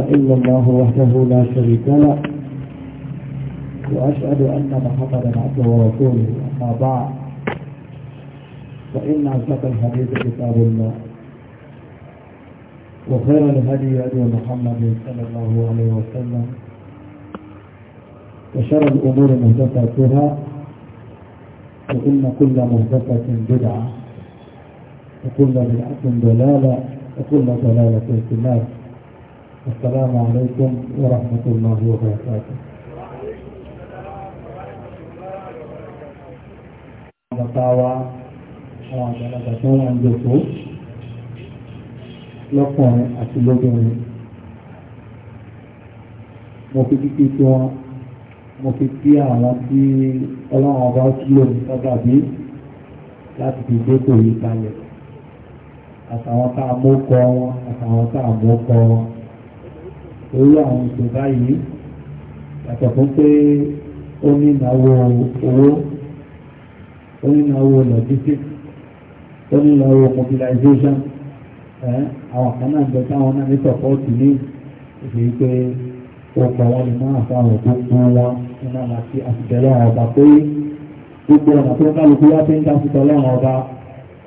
إلا الله وحده لا شريك له وأشهد أن محمدا عبده ورسوله أما بعد فإن أصدق الحديث كتاب الله وخير الهدي هدي محمد صلى الله عليه وسلم وشر الأمور محدثاتها وإن كل مهدفة بدعة وكل بدعة ضلالة وكل ضلالة في النار السلام عليكم ورحمة الله وبركاته Àbàtàwà àwọn àgbàlagbà tó wà ń jòkó lọ́kùnrin àti lóbìnrin. Mo fi kíkí tí wọ́n, mo fi kí àwọn tí ọlọ́run ọba kí omi sábàbí láti fi dépò yìí kalẹ̀. Àtàwọn tá a mú kọ wọn, àtàwọn tá a mú kọ wọn irú àwọn ètò báyìí yàtọ̀ fún pé ó ní ìnáwó owó ó ní ìnáwó logistics ó ní ìnáwó mobilization àwọn kan náà gbẹ táwọn náà ní sọpọ́ọ̀tì ní ìdí pé ọkọ̀ wọn lè máa fáwọn tó kún wọn nínú àwọn àti àtìtẹ́lẹ̀ àwọn ọba pé gbogbo ọ̀nà tó kálukú wá fi ń dá síta ọlọ́run ọba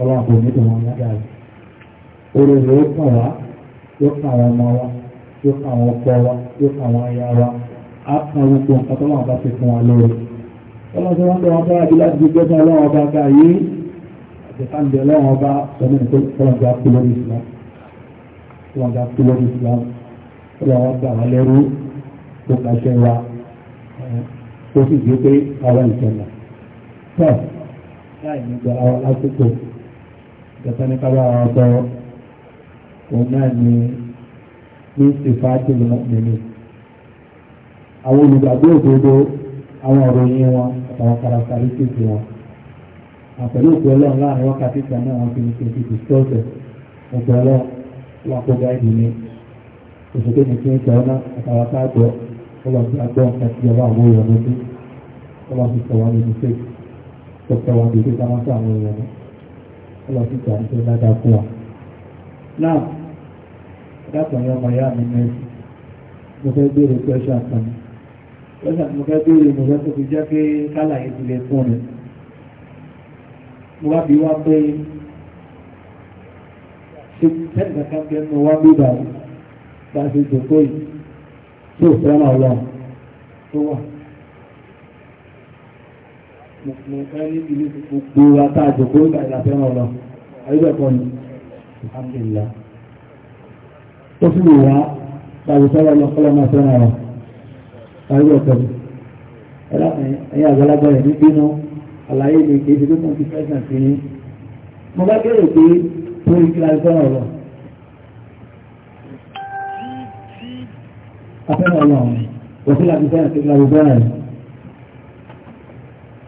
ọlọ́run kò ní ìdùnnú ọ̀nà dáadáa. oore rẹ̀ ó kàn wá yóò kàn wá ọmọ wa yóò fún àwọn ọkọ wa yóò fún àwọn aya wa á fún gbogbo nǹkan tó máa bá ti fún wa lóore. ọlọ́sọ wọn bẹ wọn bá adé láti gbé gbẹ́sẹ̀ ọlọ́run ọba ká yé àtẹ̀ká ń bẹ ọlọ́run ọba sọmọ nípa ọlọ́dà kúlọ́ọ̀dì islam ọlọ́dà kúlọ́ọ̀dì islam ọlọ́run ọba wà lẹ́rú tó kàṣẹ wa tó sì gbé pé àwọn ìṣẹ̀lẹ̀ tọ́ láì nígbà àwọn lásìkò ìjọba ní ká bá wa sọ ní ìfàtí lọ́mọ́mìnì àwọn olùgbàgbé òdodo àwọn ìròyìn wọn àtàwọn karakitaristiki wọn àpẹẹrẹ òkú ọlọ́run láàrin wákàtí kan náà wọn fi ní kéde ìsọ́ọ̀tẹ̀ òkú ọlọ́run wà kó gáàdì ní òṣèké ní kí n sọ ọ́nà àtàwọn káàgbọ́ ọlọ́run tí a gbọ́ nǹkan tí ọba àwọn èèyàn lójú ọlọ́run ti sọ wọn ní ìdíje tó sọ wọn ní ìdíje káwọn sọ àwọn èèyàn ọlọ́run ti sọ àdúgbò ládàá fún wa. náà dákùn yọ ọmọ ìyá mi mẹ́rin mo fẹ́ béèrè pẹ́ṣẹ́ àkànní pẹ́ṣẹ́ mo fẹ́ béèrè mo fẹ́ tó fi jẹ́ pé kálà yìí ti lè fún mi mo wá bí wá pé ṣe tẹ́lẹ̀ kan kẹ́ mo wá bí bàbá bá ṣe jòkó yìí tí ò fẹ́ràn ọlọ́run tó wà mo fẹ́ ní gbogbo wa jòkó ìgbà ìlà fẹ́ràn ọlọ́run ayélujára kọ́ni alhamdulilayi ó sì lè wá tàbí sọ́wọ́ ọlọ́pọ̀lọ́ máa fẹ́ràn rẹ̀ tàbí ọ̀pọ̀ mi. ẹ̀yà àgbàlagbà rẹ̀ ní bínú àlàyé mi kì í ṣe pé mo ti fẹ́sàn sí i. mo bá kéré pé torí kí la fẹ́ràn ọ̀rọ̀. afẹ́ràn ọ̀rọ̀ ọ̀hún òfin láti fẹ́ràn sí láti fẹ́ràn rẹ̀.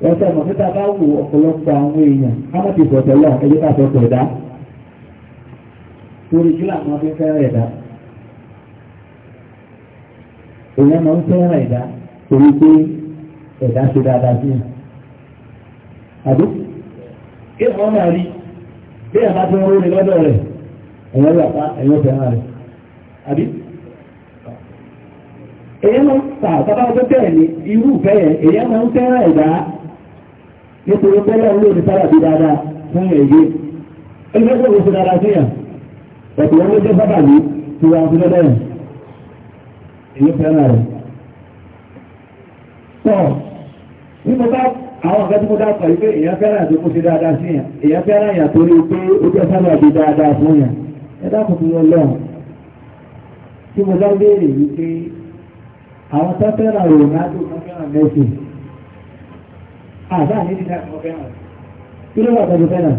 wọ́n sọ ma fẹ́ta bá wù ọ̀pọ̀lọpọ̀ àwọn èèyàn ká ti fọ̀tọ̀ lọ ẹ̀jẹ̀ ká fọ̀tọ̀ ẹ̀dá. torí kí làwọn fi fẹ́ràn ẹ̀dá èèyàn máa ń fẹ́ràn ẹ̀dá torí pé ẹ̀dá ṣe dáadáa sí yàn. àbí kéèkó náà rí bí ẹ̀ bá ti ń rú ni lọ́dọ̀ rẹ̀ ẹ̀yàn rẹ̀ pa ẹ̀yàn fẹ́ràn rẹ̀ àbí. èèyàn máa ń ta bàbá ọgbẹ́ bẹ́ẹ̀ ni irú ìfẹ́ yẹn èèyàn máa ń fẹ́ràn ẹ̀dá nítorí pé lọ́wọ́ ló ní sábà dáadáa fún ẹ̀yẹ. ẹgbẹ́ tó ń ṣe dáadáa sí yàn ẹ̀kọ́ wọn ló jẹ́ sábà ní tiwa fúnlẹ́lẹ́yìn èyí fẹ́ràn rẹ̀. Tọ́ ní mo bá àwọn ọ̀gá tí mo dákọ̀ yìí pé èèyàn fẹ́ràn àti kó ṣe dáadáa sí yàn èèyàn fẹ́ràn yàn torí pé ó jẹ́ sábà bí dáadáa fún yàn ẹ dákun fún wọn lọ́wọ́. Tí mo bá béèrè yìí pé àwọn tó fẹ́ràn Ronaldo kan fẹ́ràn Messi àbá àní nígbà tí mo fẹ́ràn kí ló wà tó fẹ́ràn?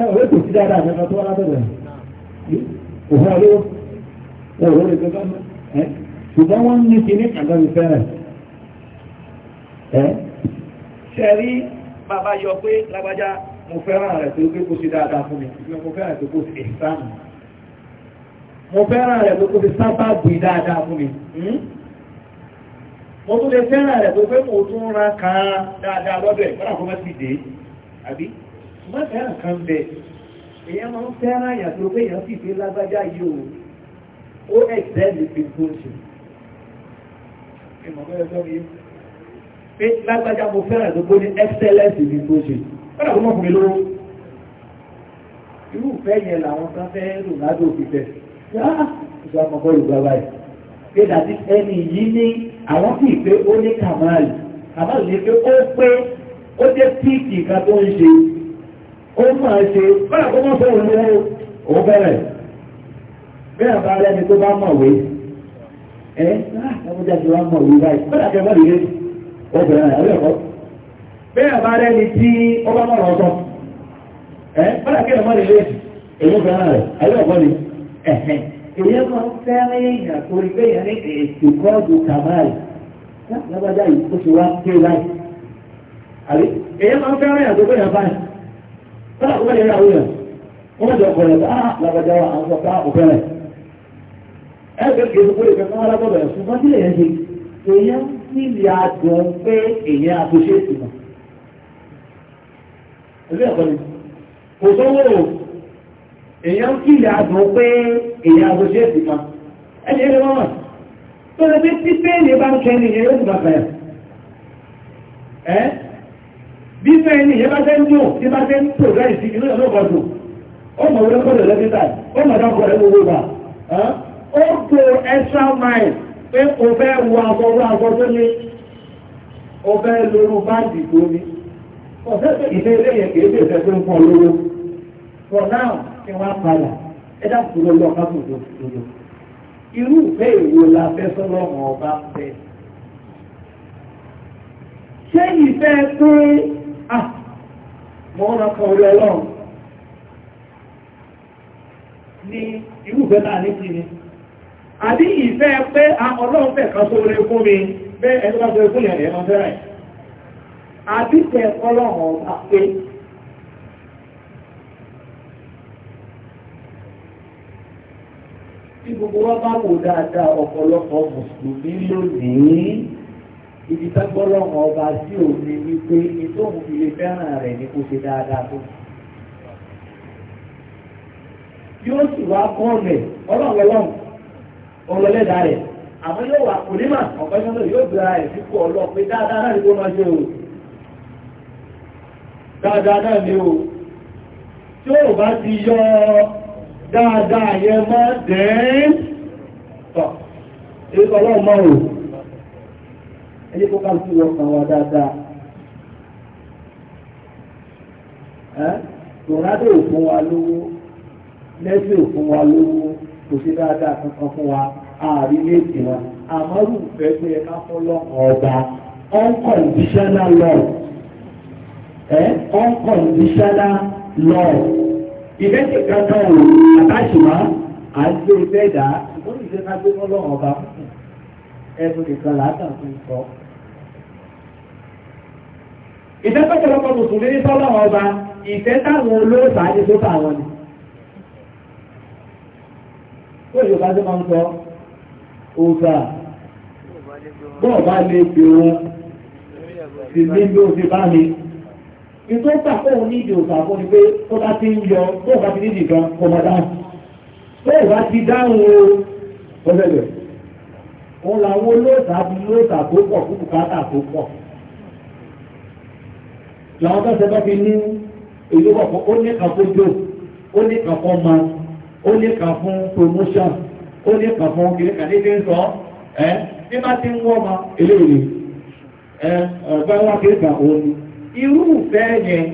Ẹ ò rí kò sí dáadáa nínú tó wá látọ̀dọ̀ yìí kò fún ọlọ́wọ́ wọn ò lè gbẹgbẹ́ mọ́ ẹ́ ṣùgbọ́n wọ́n ní kíní àgbẹ̀rù fẹ́rẹ̀ ẹ́. ṣe rí bàbá yọ pé lágbájá mo fẹ́ràn rẹ̀ tó gbé kó sí dáadáa fún mi mo fẹ́ràn rẹ̀ tó kó sí ìsáàmù mo fẹ́ràn rẹ̀ tó kó sí sábàbù dáadáa fún mi hmm? mo tún lè fẹ́ràn rẹ̀ tó pé mo tún ra kan dáadáa lọ́dọ̀ ẹ̀ kọ́nà fún mẹ́sì dé àbí mo fẹ́ràn kan bẹ́ẹ̀ èèyàn máa ń fẹ́ràn àyà tó pé èèyàn sì fi lágbájá yìí o ó ẹ̀sẹ̀ lè fi gbòòsì pé lágbájá mo fẹ́ràn tó pé ní excellence fi gbòòsì kọ́nà kó mọ̀ fún mi lówó irúfẹ́ yẹn làwọn kan fẹ́ Ronaldo fi fẹ́ ṣe àmọ́kọ́ yorùbá báyìí pé dàbí ẹni yìí ní àwọn kì í pé ó ní kàmáàlì kàmáàlì ní pé ó pé ó jẹ́ píìkì kan tó ń ṣe ó máa ṣe báyà kó wọ́n fẹ́ràn lọ́wọ́ òun bẹ̀rẹ̀ bí àbá rẹ̀ ni tó bá mọ̀wé ẹ́ ẹ̀mọ́jà ti wá mọ̀wé báyìí báyà kẹ́ mọ̀lì rẹ̀ ó bẹ̀rẹ̀ rẹ̀ àwẹ̀ ẹ̀kọ́ bí àbá rẹ̀ ni tí ó bá mọ̀rọ̀ ọ̀tọ̀ ẹ́ báyà kẹ́ mọ̀lì rẹ̀ èyí bẹ̀rẹ̀ rẹ̀ àwẹ̀ ẹ̀kọ́ ni ẹ̀hẹ́ èyí máa ń fẹ́ràn èèyàn torí pé èèyàn ní èsì kọ́ọ̀dù kàmáàlì lábàjá yìí ó ti wá dé láì àbí èyí kọ́lá kó bẹ́ẹ̀ yẹra wúlò wọ́n mọ̀ jọ kọ̀ọ̀lẹ̀ tó áà làbàjá àwọn sọ̀tà òfẹ́rẹ̀ ẹ bẹ́ẹ̀ kì í sọ́kúrò ìfẹ́ fún alábọ̀dọ̀ ẹ̀ ṣùgbọ́n kí lèyẹn ṣe èèyàn níbi àdùn pé èèyàn àtúnṣe ìtumọ̀ ẹgbẹ́ ọ̀kọ́ ni kò sówó èèyàn kí àdùn pé èèyàn àtúnṣe ìtumọ̀ ẹni ẹni wọ́n mọ̀ tó lè fi pípé èèyàn bá ń kẹ́ni ìyẹn yóò bí fẹ́ ní ìyẹ́bá tẹ́ ń dùn tí bá tẹ́ ń tò láì sí inú ọ̀nà ọ̀gbọ̀dù ó mọ̀ wọlé kọ́lẹ̀ lẹ́gbẹ̀ta ó mọ̀ dá kọ́lẹ̀ gbogbo wa ó tó extra mile pé o fẹ́ wọ aṣọ wọ aṣọ tó ní o fẹ́ lóru báńkì tó ní ọ̀sẹ̀ pé ìdí ilé yẹn kì í ṣe ìfẹ́ tó ń pọ̀ lówó for now kí wọ́n á padà ẹ dákun ló lọ kápò tó dodo irú ìfẹ́ ìwo la fẹ́ sọ́lọ́ ọ̀hún ọba fẹ́ ṣé ìfẹ́ pé ah mọ́ na kan orí ọlọ́run ní irúfẹ́ náà ní ni àbí ìfẹ́ pé ah, ọlọ́run fẹ́ kan sóore fún mi bẹ́ẹ̀ ẹni bá sóore fún ìyẹn ẹ̀mọ́ fẹ́rẹ̀ àbí ọlọ́run ọba ibi tọ́gbọ́lọ́wọ́ ọba tí ò ni wípé ní tóun fi lè fẹ́ràn rẹ̀ ní kó ṣe dáadáa tó. yóò sì wá kọ́ rẹ̀ ọlọ́ọ̀lọ́wọ́n ọlọ́lẹ́dàá rẹ̀ àmọ́ yóò wà kò ní mà ọ̀pẹ́ sọ́nà yóò gbéra ẹ̀ sípò ọlọ́ọ̀pẹ́ dáadáa náà ni kó máa ṣe o. dáadáa náà ni o tí ó bá ti yọ dáadáa yẹn máa dẹ́ẹ́ tọ̀ èyí tọ́lọ́ọ̀ máa rò ẹjẹ́ kó káàkiri wọ́n kàn wá dáadáa ronaldo ò fún wa lówó messi ò fún wa lówó kò sí dáadáa kankan fún wa ààrí méjì wa àmọ́ rúfẹ́ tó yẹ ká fọ́ lọ́kàn ọba unconditional love eh? unconditional love ìrẹsì kankan ò àtàṣìmọ́ à ń gbé bẹ́ẹ̀ e dá ṣùgbọ́n ìṣe ká gbé mọ́ lọ́kàn ọba ẹnu nìkan làátàn fún ìkọ́ ìfẹ́ pẹ́kẹ́lọpọ̀ mùsùlùmí ní sọ́lọ́wọ́ ọba ìfẹ́ táwọn olóòsà ní tó tàwọn ni tó yóò bá tó máa ń sọ òòsà bọ́ọ̀ lè pè wọn sí ní bí ó ti bá mi ìtọ́ pàpọ̀ ní ìdí òòsà fún ni pé tó bá ti ń yọ tó bá ti ní nìkan kò mọ̀ dáhùn tó bá ti dáhùn o ọ̀sẹ̀ bẹ̀ òun làwọn olóòsà ti lóòsà tó pọ̀ fún tó pọ̀. làwọn tó ṣe bá fi ní èyí wà fún ó ní kan fún jò ó ní fún ma ó ní kan fún promotion ó ní fún ń sọ ẹ bí ti ń wọ́ ma eléyìí ẹ ọ̀gbẹ́ wa kìnnì kan òun ni irúfẹ́ yẹn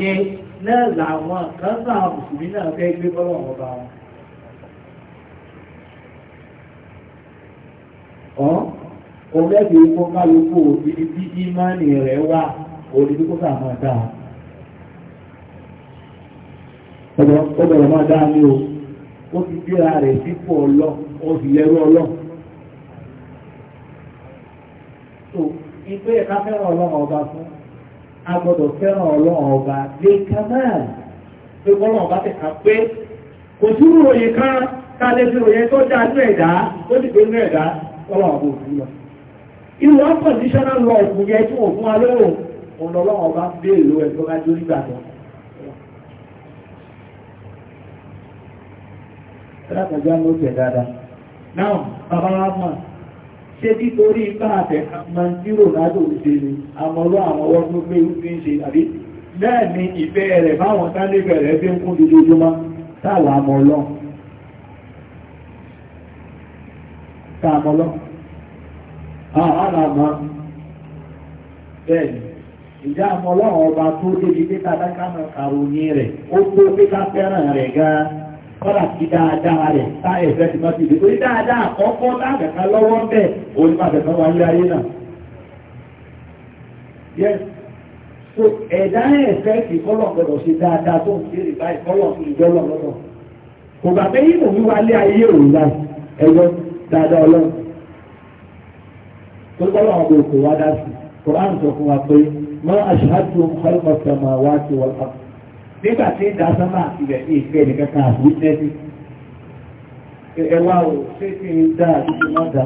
yẹn náà làwọn kan mùsùlùmí náà fẹ́ gbé bọ́lọ̀ wọn. kálukú ìmánì rẹ̀ òní kó sáà máa dáa ó bẹ̀rẹ̀ máa dáa ní o ó ti gbéra rẹ̀ sípò ọlọ́ ó sì lẹ́rú ọlọ́ tó ìgbé ẹ̀ka fẹ́ràn ọlọ́run ọba fún a gbọ́dọ̀ fẹ́ràn ọlọ́run ọba lè ka náà pé bọ́lọ́run ọba tẹ̀ka pé kò túrú òye kan ká lè fi òye tó dáa nínú ẹ̀dá tó sì gbé nínú ẹ̀dá ọlọ́run ọba òfin lọ. ìlú unconditional love yẹ tí wọ́n fún wa lóhùn ọlọ́wọ́ bá ń bèèrè lọ́wọ́ ẹgbẹ́ bá jó nígbà tó rákàjá ló tẹ̀ dáadáa náà bàbá wa mọ̀ ṣé nítorí bá àtẹ̀ máa ń dírò ládò ṣe ni àmọ́rọ́ àwọn ọwọ́ tó gbé ń ṣe àbí náà ni ìfẹ́ rẹ̀ báwọn tánlẹ̀fẹ̀ rẹ̀ fi ń kún dojoojúmọ́ táwọn àmọ́ ọlọ́run àwọn àmọ́ ah, bẹ́ẹ̀ ni ìjà àwọn ọlọ́run ọba tó débi pé ká dákàmọ̀ àròyìn rẹ̀ ó tó pé ká fẹ́ràn rẹ̀ gan-an kọ́lá sí dáadáa rẹ̀ tá ẹ̀fẹ́ ti mọ́ sí ibi torí dáadáa àkọ́kọ́ láàbẹ̀ká lọ́wọ́ bẹ́ẹ̀ òun máa bẹ̀ká wá lé ayé náà. yes so ẹ̀dá ẹ̀fẹ́ ti kọ́lọ̀ gbọ́dọ̀ ṣe dáadáa tó ń ṣeré báyìí kọ́lọ̀ fún ìjọ́lọ̀ lọ́dọ̀ kò gbà pé yìí òun wá lé ayé òun láì ẹ̀yọ dáadáa ọlọ́run tó kọ́lọ̀ ọ̀gbọ̀n kò wá dá sí kò mọ́ aṣáájú ọkọ̀ ọ̀sẹ̀mọ̀ wá sí wọn kọ́. nígbà tí ń dasán máa ti rẹ̀ ní ìfẹ́ nìkan kan àbí nẹ́bí. ẹ wá o ṣé kí n dá àdúgbò má dá.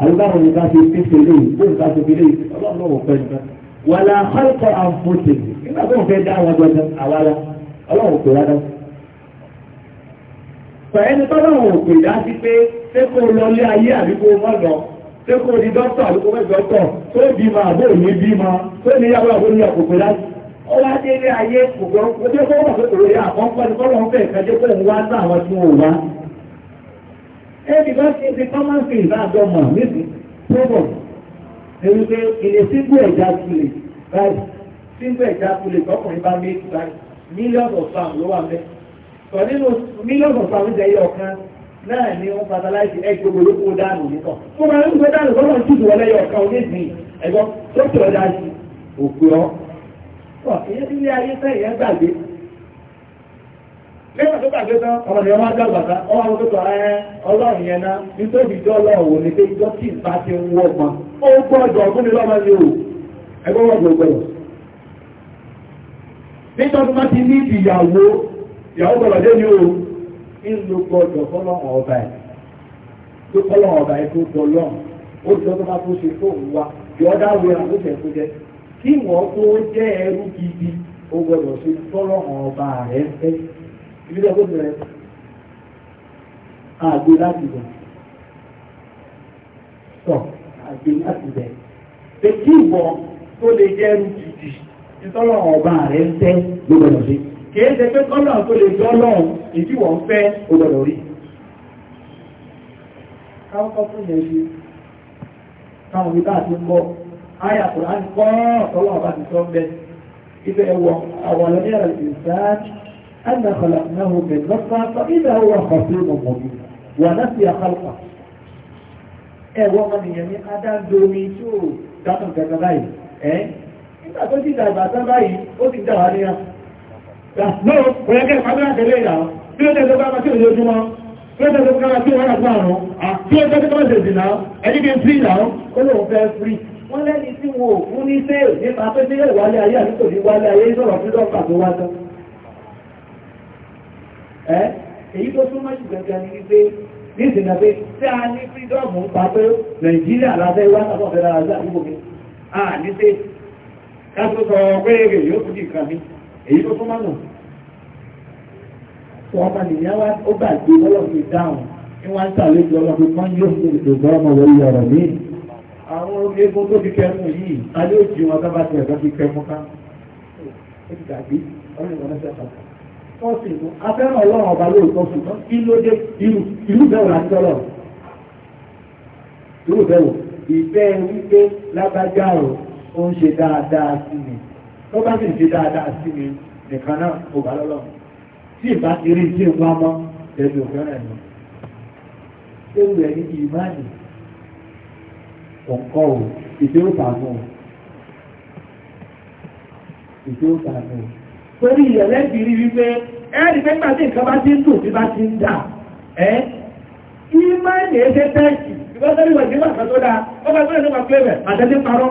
àlùbáwò ni ká fi fífi lè bó ń ká fi fi lè ọlọ́run náà wò pẹ́ nìkan. wàlá àkọ́kọ́ àǹfọ̀tì nígbà tó ń fẹ́ dá àwọn gbọdọ̀ àwa la ọlọ́run kò rárá. pẹ̀lú tọ́lọ́run kò dá sí pé ṣé kó lọ lé ayé àdúgbò mọ́ ṣé kò di dókítà ló kó fẹ́ tó bí ma àbó òní bí ma tó ní yàwó àbó ní àkókò láti. ó wá dé ilé ayé kòkó ojú kó wà pé kòrò àkọ́kọ́ ni kọ́lọ́ ń fẹ́ ìkàjẹ́ pé òun wá sí àwọn tí wá. ti fi common thing náà mọ̀ níbi problem èyí pé ilé sígbó ẹ̀já kulè báyìí sígbó ẹ̀já kulè tọkùnrin bá méjì báyìí mílíọ̀nù ọ̀sán ló wà mẹ́ sọ nínú mílíọ̀nù ọ̀sán náà ni wọ́n fatalize ẹgbẹ́ olóko dànù nìkan tó máa ń gbé dànù lọ́nà tí ìwọ lẹ́yọ ọ̀kan onídìí ẹ̀gbọ́n sí òkú ìyẹn ti ní ayé ìyẹn gbàgbé. lẹ́yìn tó gbàgbé tán ọmọ ni wọ́n dá tó ọlọ́run yẹn náà nítorí ìjọ ọlọ́run wò pé ìjọ tí ti ń ọgbọ́n ó gbọ́dọ̀ mi ń gbọdọ̀ fọlọ́run ọba ẹ̀ tó fọlọ́run ọba ẹ̀ tó gbọlọ́run ó jọ tó bá tó ṣe tó ń wa the other way around ó jẹ kí wọ́n tó jẹ́ ẹrú gidi ó gbọdọ̀ ṣe fọlọ́run ọba rẹ̀ fẹ́ ibi tó kó bẹ̀rẹ̀ àgbo láti bẹ̀ sọ àgbo láti bẹ̀ pé kí wọ́n tó lè jẹ́ ẹrú gidi ìtọ́lọ́run ọba rẹ̀ fẹ́ ló gbọdọ̀ ṣe kìí ṣe pé kọ́nà tó lè jọ lọ́run ìdí wọ́n fẹ́ ògbọ̀dọ̀ rí káwọ́kọ́ fún yẹn ṣe káwọn ibi bá ti ń bọ́ ayà kò láti kọ́ ọ̀tọ́lọ́ ọba ti sọ bẹ́ ibẹ̀ ẹwọ àwọn ọlọ́ní ẹ̀rọ ìsáájú ẹ̀nà lọ́wọ́ ọ̀yẹ́kẹ́ ìpàdé àtẹ̀lé ìyá tí ó tẹ́lẹ̀ bá tí mi èyí tó fún mọ́nà wọn máa nìyẹn wá ó gbà gbé ọlọ́run dáhùn ní wọ́n ń sàlejò ọlọ́run kan yóò fún ìdògbò ọmọ wọlé ọ̀rọ̀ mi. àwọn egun tó fi kẹfún yìí alẹ́ òjì wọn bá bá tiẹ̀ bá fi kẹfún ká ó ti dàbí ọlọ́run ìwọ̀n ẹsẹ̀ kan. wọ́n sì mú afẹ́ràn ọlọ́run ọba lóòótọ́ ṣùgbọ́n kí ló dé irú bẹ́ẹ̀ wà ní ọlọ́run. irú bẹ́ẹ̀ tó bá sì ṣe dáadáa sí mi nìkan náà kò bá lọ́lọ́ tí ìbá ti rí tí ìwá mọ́ tẹ̀lé òfin rẹ̀ lọ. ewu ẹ̀ ní ìmáàlì kọ̀ǹkọ̀ o ìdí ó tààmù o ìdí ó tààmù o. torí ìyẹ̀lẹ́ ti rí wípé ẹ̀rí pé pàdé nǹkan bá ti ń dùn tí bá ti ń dà ẹ́ ìmáàlì ẹ̀ṣẹ̀ tẹ́ẹ̀kì ìgbà tó ní wà kan tó dáa ó bá tó lè ní wà pé rẹ̀ parọ́.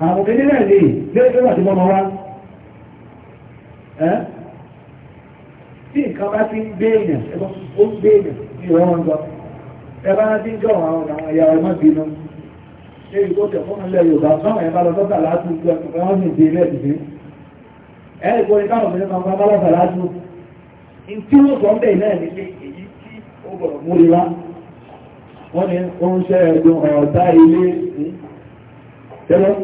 àwọn òkè nílẹ̀ lè lé ìgbà tí mọ́mọ́ wá tí nǹkan bá ti ń gbé èèyàn ẹgbọ́n ó ń gbé èèyàn ní ìwọ̀n ń lọ ẹbá ti ń jọ àwọn àwọn ìyá ọmọ bínú ṣé ìgbó tẹ̀ fún ilẹ̀ Yorùbá báwọn ẹ̀bá lọ sọ́tà látú ju ẹ̀kọ́ wọn sì dé ilé ìdílé ẹ̀ ìgbó ni káwọn obìnrin máa ń bá lọ́sà látú tí ó sọ ń bẹ̀ náà ni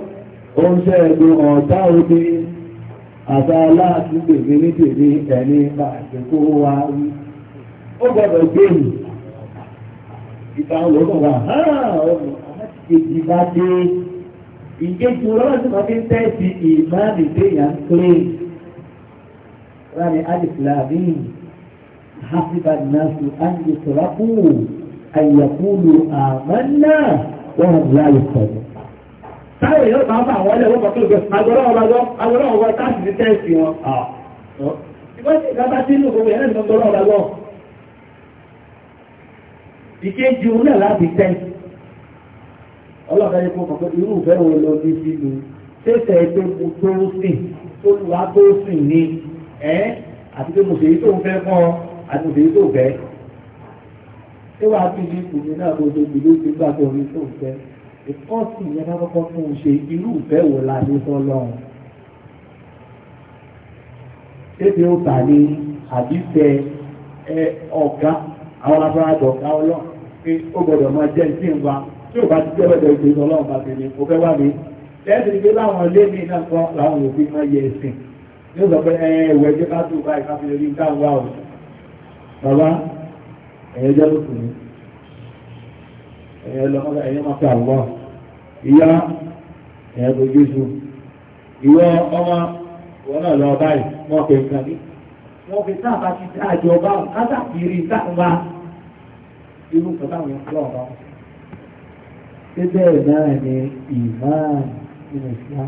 ó ń ṣẹ́gun ọ̀tá omi àbá aláàtú tèmi ní tèmi ẹni máa ṣe kó wá wí. ó gbọ́dọ̀ gbèrú ìbáwọn lọ́nà wà ọmọ láti kejì bá dé ìgbésùn lọ́wọ́ tí fi ń tẹ́sí ìmáàmì téèyàn ń pè é. rani alifilami hasiba nasu an yusrafu an yakulu amanna wa hum la yusrafu táwọn èèyàn bá bá àwọn ẹlẹ́wọ́n kan tó gbẹ agbọ́dọ̀ ọ̀gbọ́dọ̀ agbọ́dọ̀ ọ̀gbọ́dọ̀ ah. bá sí inú gbogbo ẹ̀rẹ́ nìkan gbọ́dọ̀ ọ̀gbọ́dọ̀. ìkéjì òun láti tẹ́ ọlọ́ọ̀dá yẹ kó irú ìfẹ́ wo ló ní sí mi tẹ́sẹ̀ pé mo tó sìn tó wá tó sìn ni ẹ́ àti tó ń ìkọ́sì yẹn bá kọ́kọ́ fún un ṣe irú ìfẹ́ wò la ní sọ́lọ́run tètè ó bà ní àbífẹ́ ẹ ọ̀gá àwọn abúlé ọ̀gá ọlọ́run pé ó gbọ́dọ̀ máa jẹ́ ìdí ìwà tí ò bá ti jẹ́ ọ̀dọ̀ ìgbésí ọlọ́run bá ti ní o fẹ́ wá mi lẹ́sìn pé láwọn ilé mi náà kọ́ làwọn òfin máa yẹ ẹ̀sìn ní ó pé ẹ ẹ̀yẹ́lọ́mọ́lá ẹ̀yẹ́mọ́ta àwọ́ ìyá ẹ̀ẹ́gbẹ̀ jésù ìwọ ọmọ wọn náà lọ báyìí wọ́n pè nǹkan ní wọ́n fi sáàbà ti dáàjọ bá látàkiri sáàbà irú pẹ̀láwọn ìfúnlọ̀ ọ̀bá bíbẹ̀ náà ni ìmáà nínú ìsìlá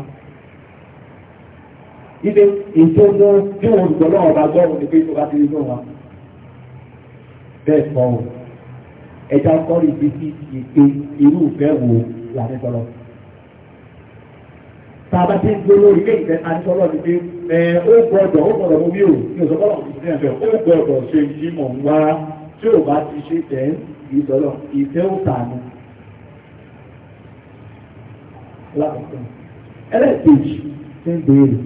ilé ìjọba tí òun gbọ́lọ́ ọ̀bá gbọ́ òun ni pé tó bá ti rí náà wá bẹ́ẹ̀ kọ́ òun ẹja kọ́rì bí sí ìpè irú ìfẹ́ wo làdẹ́sọ̀rọ̀. tá a bá ti ń gbóló ilé ìfẹ́ adẹ́sọ̀rọ̀ ni pé ẹ ó gbọ́dọ̀ ó gbọ́dọ̀ mú mi ò ní òṣọ́gbọ́dọ̀ ní ẹ̀fẹ́ ó gbọ́dọ̀ ṣe ìdí mọ̀ ń wá tí ò bá ti ṣe tẹ̀ ìsọ̀rọ̀ ìfẹ́ ò tààmù. ẹlẹ́ẹ̀kejì ti ń béèrè.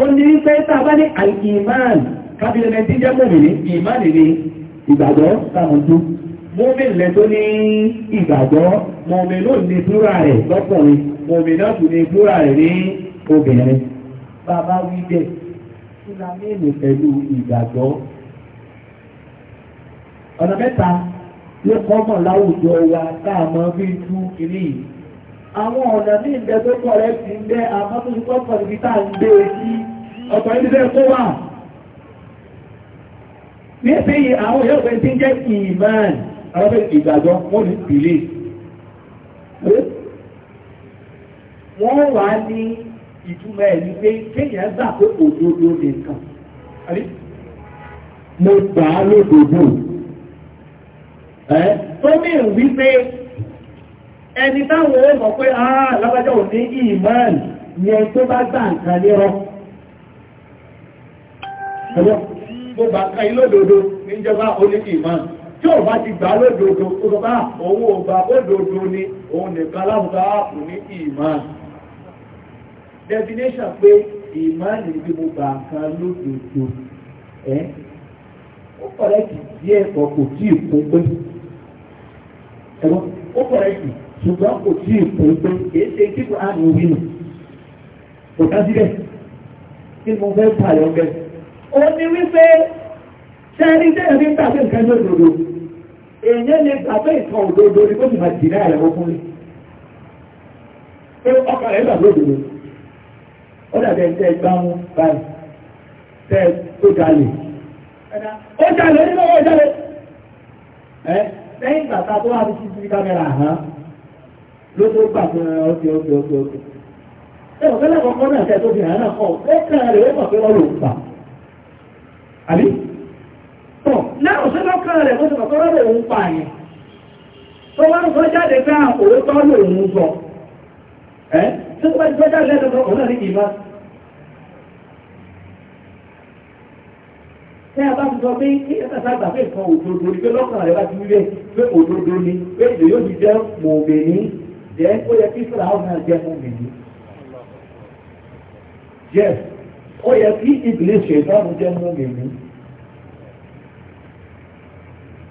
ó ní pé tá a bá ní àìkì ìmáàlì kábíyẹ̀mẹ̀ tí jẹ́ mòmìnir ìgbàgbọ́ táwọn tó. mọ́mìn lẹ tó ní ìgbàgbọ́ mọ́mìn ló ní búra rẹ̀ lọ́kùnrin mọ́mìn náà tún ní búra rẹ̀ ní obìnrin. bàbá wí bẹ́ẹ̀ kí la mẹ́nu pẹ̀lú ìgbàgbọ́. ọ̀nà mẹ́ta ló kọ́ láwùjọ wa tá a mọ̀ fi tú kiri yìí àwọn ọ̀nà ní ìgbẹ́ tó kọ̀ rẹ̀ ti ń bẹ́ àmọ́ tó ti kọ́ pọ̀ níbi tá à ń gbé e sí ọ̀pọ̀ ìdílé tó wà ní ẹ̀sẹ̀ yìí àwọn yóò fẹ́ tí ń jẹ́ ìmáàn àwọn fẹ́ ìgbàgbọ́ wọ́n ní ìpìlẹ̀ wọ́n wà ní ìtumọ̀ ẹ̀ ní pé kéèyàn gbà pé òdodo nìkan mo gbà á lódodo tó mí wípé ẹni táwọn ọmọ pé ah lábájá ò ní ìmáàn yẹn tó bá gbà nǹkan nírọ́ mo gbà kan ilódodo níjọba oníkìmọ̀ tí ò bá ti gbà lódodo ó sọ bá ah, òun ò gbà lódodo ni òun nìkan láwùjọ ààbò ah, ní ìmọ̀ definition pé ìmọ̀ níbi mo gbà kan lódodo ẹ́ ó kọ̀rẹ́ kì díẹ̀ kọ̀ kò tí ì kún pé ẹ̀wọ́n ó kọ̀rẹ́ kì ṣùgbọ́n kò tí ì kún pé kìí ṣe kíkọ́ àrùn wí kò dá síbẹ̀ kí ni mo fẹ́ pààyàn bẹ́ẹ̀ òun ni wípé sẹ́ni tẹ́yàn ní gbàgbé nǹkan ní òdodo èèyàn lè gbàgbé ìtàn òdodo ni kó sì máa dìrẹ́ àyẹ̀wò fún mi pé ọkàn rẹ̀ gbàgbé òdodo ó dàbí ẹni tẹ́ ẹ gbá wọn báyìí tẹ́ ẹ tó jalè ó jalè nínú ọwọ́ ìjalè ẹ lẹ́yìn ìgbà tá a tó wà ní títí kámẹ́rà hàn ló tó gbà fún ẹ ọ̀kẹ́ ọ̀kẹ́ ọ̀kẹ́ ọ̀kẹ́ ẹ ọ̀kẹ́ lẹ́kọ̀ọ́kọ́ náà tẹ́ tó fi gbà àbí tọ̀ náà ṣẹ́lọ́kàn rẹ̀ mọ́sùn kọ̀kọ́rọ́ lè ń pa àyẹ̀ tó wá ń jáde pé àkòwé tọ́ lè ń sọ ẹ́ tó wá ń jáde lẹ́nu ọkọ̀ náà ní ìmá tẹ́ a bá ti sọ pé kí ẹ tàbí pé nǹkan òdodo ni pé lọ́kàn rẹ̀ bá ti wíwẹ̀ pé òdodo ni pé èdè yóò ti jẹ́ mòbìnrin jẹ́ ó yẹ kí fúlàwọ̀ náà jẹ́ mòbìnrin. ó yẹ kí ìbílẹ̀ ṣe ìtọ́nu jẹ́ mú mi mú.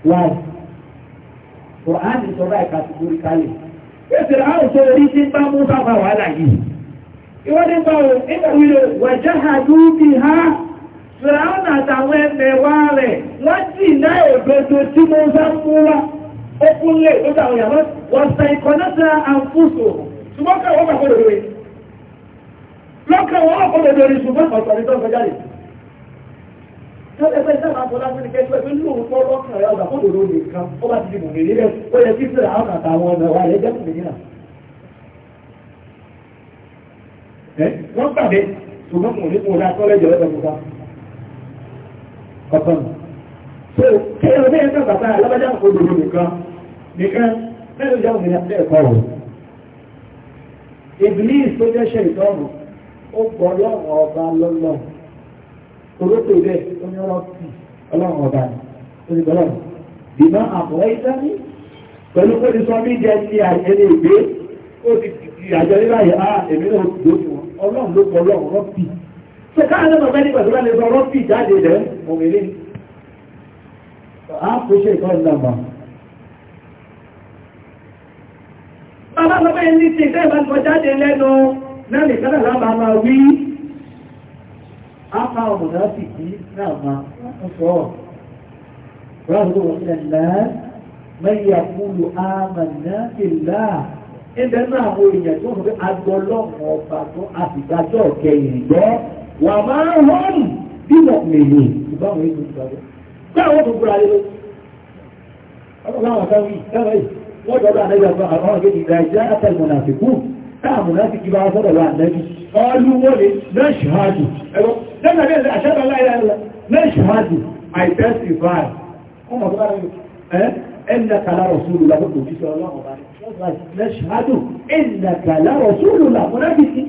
Wáyé, kò á ní sọ báyìí kàtìgóríkálì. Pèsè àwọn òṣèré rí sí bá mú sábà wàhálà yìí. Ìwọ́n ní bá wọn, nígbà wílé wàjá àdúgbì ha. Fìràwọn àtàwọn ẹ̀mẹ̀wá rẹ̀ wọ́n sì ná òdodo tí mo sá mú wá. Ó kúnlẹ̀ lójú àwọn ìyàwó, wọ́n sa ìkọ́nẹ́sà àǹfùsò. lọ́kàn wọn ọkọ̀ lè lórí ṣùgbọ́n ọ̀sọ̀rí tó fẹ́ jáde tó ẹgbẹ́ sábà àwọn àtàwọn ọ̀nà wa ṣùgbọ́n mùmí kò dá tọ́lẹ̀ jọ ẹgbẹ́ kúta ọ̀kan tó kéèrè ní ẹgbẹ́ bàbá alábájá òdòdó nìkan nìkan mẹ́rin jẹ́ mùmí nílẹ̀ ẹ̀kọ́ ó gbọ́ lọ́wọ́ ọba lọ́lọ́ orókè rẹ̀ ó ní ọ̀rọ̀ tì ọlọ́wọ́ ọba ni ó ní bọ́lọ́ ìmọ̀ àbọ̀ ẹ̀dá ní pẹ̀lú pé ní sọ mí jẹ́ ti àyẹ̀lẹ̀ ìgbé ó ti di àjọ nílá yẹn á èmi náà ti dóbi wọn ọlọ́run ló gbọ́ lọ́wọ́ ọ̀rọ̀ tì ṣe káàdé bàbá ní pàtó láti sọ ọ̀rọ̀ tì jáde rẹ̀ òmìnir á kó ṣe ìkọ́ ìlànà bàbá bàbá ẹni tí ìfẹ́ ìbá náà lè kẹ́lẹ̀ lábà máa wí ápá ọmọdá sì kí náà máa ọ̀sọ̀ rọ́rùn wọ́n sílẹ̀ náà mẹ́yà fúlù àmàlà ìlà ẹgbẹ́ náà àwọn èèyàn tó ń fi agbọ́lọ́mọ ọba tó àtìgbàjọ́ kẹyìn gbọ́ wà máa ń hàn bí wọ́n mèlè ìbáwọn èèyàn tó gbàgbọ́. Bí àwọn tó gbúra yẹn ọlọ́run àwọn àtàwí dára wọ́n dọ̀dọ̀ táàmù láti kí bá sọ́dọ̀ wà lẹ́bí ọlúwọ́lé lẹ́ṣùhádù ẹ̀rọ lẹ́gbẹ̀rẹ̀ ẹ̀rẹ́ àṣẹ́bà láìláìlá lẹ́ṣùhádù I testify ọmọ tó bá rẹ̀ ẹ̀ẹ́nà kàlá rọ̀súlù lábọ́kò jíṣẹ́ ọlọ́run bá rẹ̀ lẹ́ṣùhádù ẹ̀ẹ́nà kàlá rọ̀súlù lábọ́kò jíṣẹ́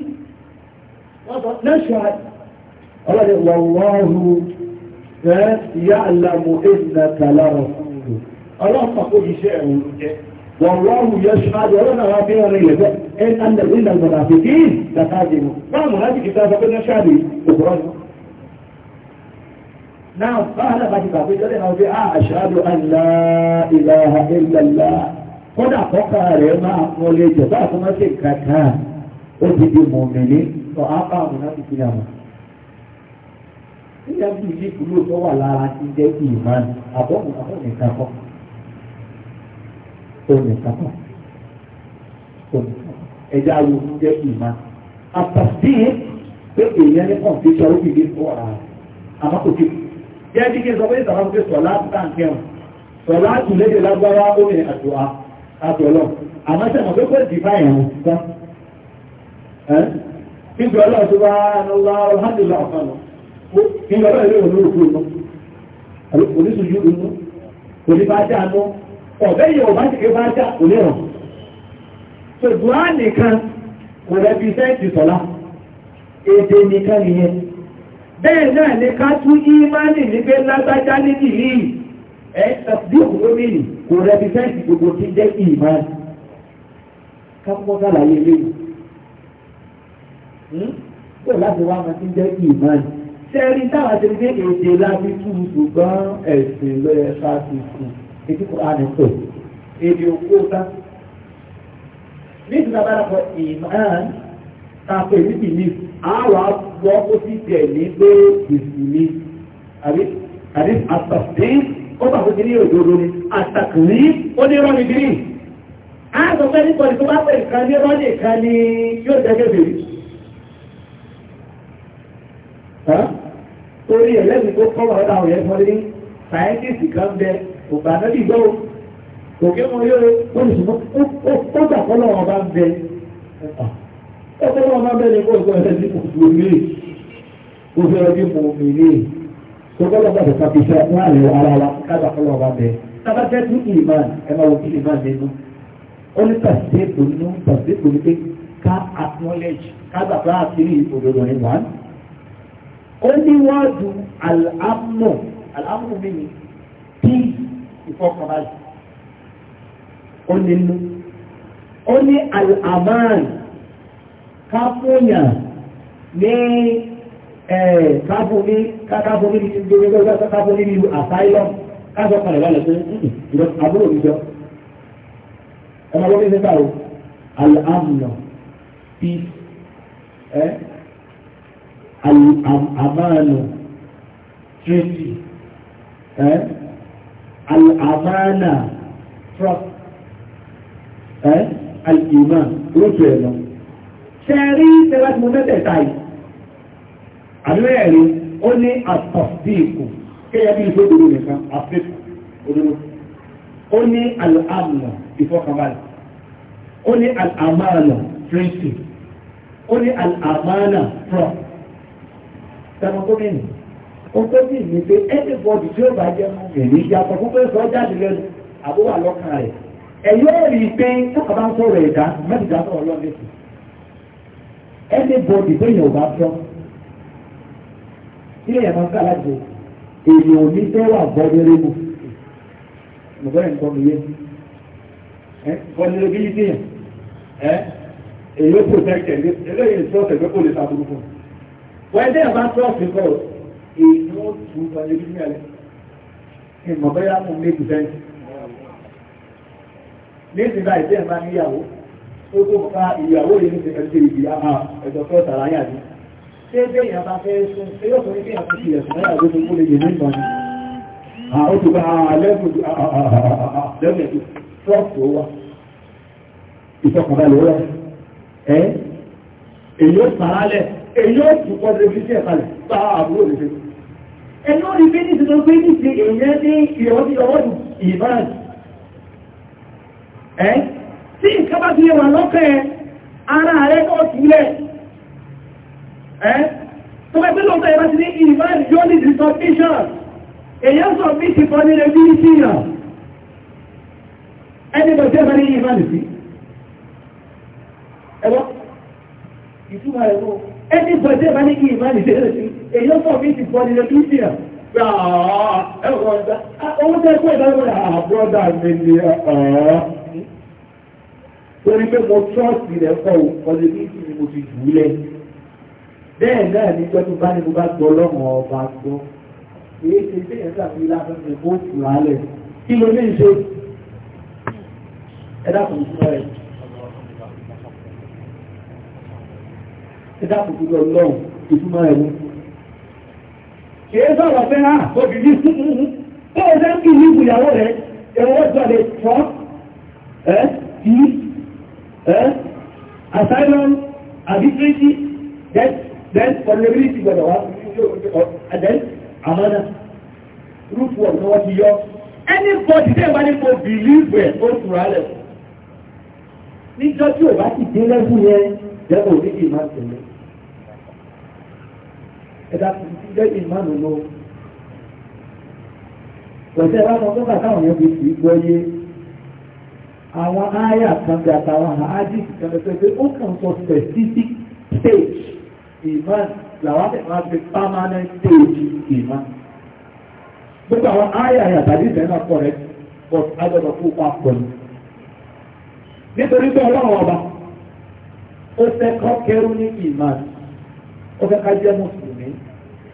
ọlọ́run bá rẹ̀ lẹ́ṣùhádù والله يشهد لنا وفينا لله إن أن إن المنافقين لكاذبون قاموا هذه كتابة كنا شادي أخرجوا نعم قال قد قبل لنا وفي أشهد أن لا إله إلا الله kódà kọ́kọ́ rẹ̀ máa mú lè jẹ́ bá fún mọ́sí kàkà ó ti di mọ̀mìnì tó á bá àwọn náà fi àwọn. Nígbà tí ìdí ìkúlò tó wà lára ti jẹ́ kí ìmáà àbọ̀mù àbọ̀mù ìkàkọ́ òní sábà òní sábà ẹja awo ń jẹ ìmá àpàtì pé èèyàn ní kọ̀ǹpútà ó fìdí fún ọ̀rá àmọ́ kò tí jẹ́ bí kí n sọ pé ìsàmọ́ fún sọ̀lá tàǹkì ẹ̀hún sọ̀lá tùlédè lágbára ó ní àdúrà àtọ̀lọ́ àmọ́ sẹ́mọ̀ pé kò dì báyìí ẹ̀hún sọ níbi ọlọ́run tó bá lọ́wọ́ alhàndùlá ọ̀kan lọ níbi ọlọ́run ilé òun ló rò fún un lọ oníṣòjú òun lọ òní bá dáa náà ọ̀bẹ́ yìí ọ̀bá ti ké bá já kò lè ràn. Ṣòdùá nìkan kò rẹ̀bi sẹ́ǹtì sọ̀lá. Èdè nìkan nìyẹn. Bẹ́ẹ̀ náà ni ká tún ímánì ní pé lágbájá níbi yìí. Ẹ bí òkúrò mìíràn kò rẹ̀bi sẹ́ǹtì gbogbo ti jẹ́ ìmánì. Kápọ́ sàlàyé léwu. Hmm? Bẹ́ẹ̀ láti wá máa ti jẹ́ ìmánì. Ṣẹ́rí táwọn ti rí pé èdè láti tú ṣùgbọ́n ẹ̀sìn lọ́yẹ̀ká ti kù ètí kùránì pè èdè òkú ọ̀tá nítorí abárapọ̀ ìmáàn tàpé níbi ní àwọn àgbọ̀ ó sì tẹ̀ ní pé gbèsè ní àbí àtàkùnrin ó bá fún kiri òdodo ni àtàkùnrin ó ní rọ́ọ̀nì gírí àgbọ̀ pé nípa ìtọ́ bá pè kan ní rọ́ọ̀nì kan ní yóò jẹ́gẹ́ bèrè. torí ẹlẹ́sìn tó kọ́ wà lọ́dọ̀ àwọn yẹn fọ́n ní sáyẹ́ntìsì kan bẹ́ẹ̀ kò bá nábì gbọ́ kò kí wọn yóò ó lè sùn ó gbà kọ́lọ́ wọn bá ń bẹ ó kọ́lọ́ wọn bá ń bẹ ní kó ìgbọ́ ẹ̀sẹ̀ sí kòtò mi ó fẹ́ ọdún mọ̀ mi ní kó kọ́lọ́ bá tẹ̀ káfí fẹ́ wọn àlè ara wa kájà kọ́lọ́ wọn bá bẹ tábà fẹ́ tún ìmán ẹ máa wo kí ìmán nínú ó ní tàṣídé kò nínú tàṣídé kò ní pé ká acknowledge ká gbàgbá àkírí òdodo ní wàá ó níwájú àlámù àlámù mi ní peace ìfọkànbalẹ̀ ó ní inú ó ní al-aman káfóyàn ní káfóní káfóní ní gbogbo káfóní ní asylum káfó kalẹ̀ wà lẹ́sẹ̀ hmm, ìjọ àbúrò mi ọmọ ọgbọ́n mi ṣe o al-amna peace al-amanu treaty al-amana trust ẹ́ al-iman lókè ẹ̀ lọ. ṣe rí tẹ́lá tí mo mẹ́tẹ̀ẹ̀ta yìí àbẹ́rẹ́ ó ní àtọ̀síìkù kéyà bí ìfẹ́ òdodo nìkan àfẹ́kù òdodo ó ní al ìfọkànbalẹ̀ ó ní al-amana trinity ó ní al-amana trust tẹ́lá tó mẹ́rin ọjọ́ bí mi pé everybody tí ó bá jẹ́ mọ́ èmi yàtọ̀ fún pé sọ jáde lẹ́nu àbúwà lọ́kàn rẹ̀ ẹ̀yọ́ rí i pé tọ́ka bá ń sọ̀rọ̀ ẹ̀dá mẹ́tìdá náà ọlọ́ọ̀lẹ́sì everybody pé èèyàn ò bá tọ́ kí èèyàn máa ń kà láti èèyàn ò ní fẹ́ wà bọ́dẹ́rẹ́ mu nùgbọ́n ẹ̀ ń tọ́ mi yé bọ́dẹ́rẹ́ bí yí dìyàn èèyàn protect ẹ̀ lẹ́yìn ìṣọ́ọ̀tẹ̀ pé kò lè sàbúrú fún wọ́n ẹ̀ èyí ó tù ú balẹ̀ nínú ẹ̀lẹ́ ìmọ̀ bẹ́yà mú méjì bẹ́ẹ̀ ní ti bá ìdẹ́ ìmá níyàwó tó tó bá ìyàwó yìí ti fẹ́ sí ibi àmà ẹ̀dọ̀ fẹ́ tàrà yà ní ṣé bẹ́ẹ̀ yà bá fẹ́ sún ṣé yóò fún ibi àti ìyẹ̀sùn náà ló tó lè yẹ ní ìmọ̀ ni àwọn tó bá lẹ́bùn tó wà ìfọkànbalẹ̀ wọ́n ẹ̀ èyí ó tàrà lẹ̀ èyí ó tù ẹ̀nà orí péjì tó pé ní ti èèyàn ní ìyọ́dí ọwọ́dù ìmáàn ẹ́ tí nǹkan bá ti lè wà lọ́kẹ́ ara rẹ̀ náà túlẹ̀ ẹ́ tó bẹ́ pé lọ́tọ̀ ẹ̀bá ti ní ìmáàn yóò ní ti submission èèyàn sọ bí ti kọ́ nílé bí ní síyàn ẹni bọ̀ tí ẹ̀bá ní ìmáàn sí ẹ̀wọ́ ìtumọ̀ ẹ̀wọ́ ẹni bọ̀ tí ẹ̀bá ní ìmáàn sí ẹ̀rẹ̀ sí èyí ó pọ̀ bí ti pọ̀ nílẹ̀ tó sì hàn pé owó tẹ́ kó ìdájọ́ ní àbúrọ́dà mi ni ọ̀ọ́ ah, ah. torí pé mo trọ́ọ̀sì rẹ̀ pọ̀ ọdún ní ìsìn ni mo ti jù ú lẹ̀ bẹ́ẹ̀ náà níjọ́ tó bá ní mo bá gbọ́ lọ́wọ́ ọba gbọ́ èyí ṣe bí ẹ̀ sàbí lásán ni mo tù á lẹ̀ kí ló ní ṣe ẹ dákun fún ẹ ẹ dákun fún ọlọ́run kìí sọ̀rọ̀ tó o ní asylum arbitrary death death vulnerability gbọdọ̀ wá then amana rúfù ọ̀nà wọ́n ti yọ anybody tẹ́ ìbá ní mo believe ẹ̀ ó tura rẹ̀ níjọ́ tí ò bá ti dé lẹ́gùn yẹn jẹ́ kò ní kí máa tẹ̀lé ẹ̀dá jẹ́ ìmánu lọ. Pẹ̀sẹ̀ wá sọ pé bàtà òyìn fi sì gbọ́ àwọn áyà kan bí àtàwọn àádìs kan ó kàn sọ specific stage ìmán làwọn àtẹ̀wá fi permanent stage ìmán. Gbogbo àwọn áyà yà tàbí ìfẹ́ náà kọ̀ rẹ̀ but agbọ́dọ̀ fún papọ̀ ni. Nítorí pé ọlọ́run ọba ó fẹ́ kọ́ kẹrú ní ìmán ó fẹ́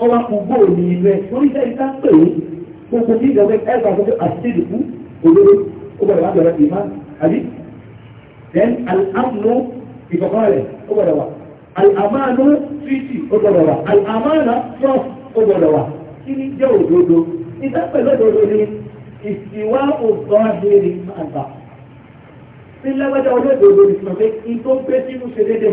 ọwọ́ kò gbóò ní ìlú ẹ̀ torí iṣẹ́ ìta ń pè é gbogbo tí ìjọba ẹ̀ gbà gbogbo àṣìṣe fún òdodo ó gbọdọ̀ wá gbọdọ̀ ìmá àbí then al-amnu ìfọ̀kànlá rẹ̀ ó gbọdọ̀ wà al-amanu treaty ó gbọdọ̀ wà al-amana trust ó gbọdọ̀ wà kí ni jẹ́ òdodo ìta pẹ̀lú òdodo ni ìsìwá òtọ́ àdéhìí máa gbà ní lágbájá olódodo ìsìnkà pé ìtó gbé sínú ṣe déédéé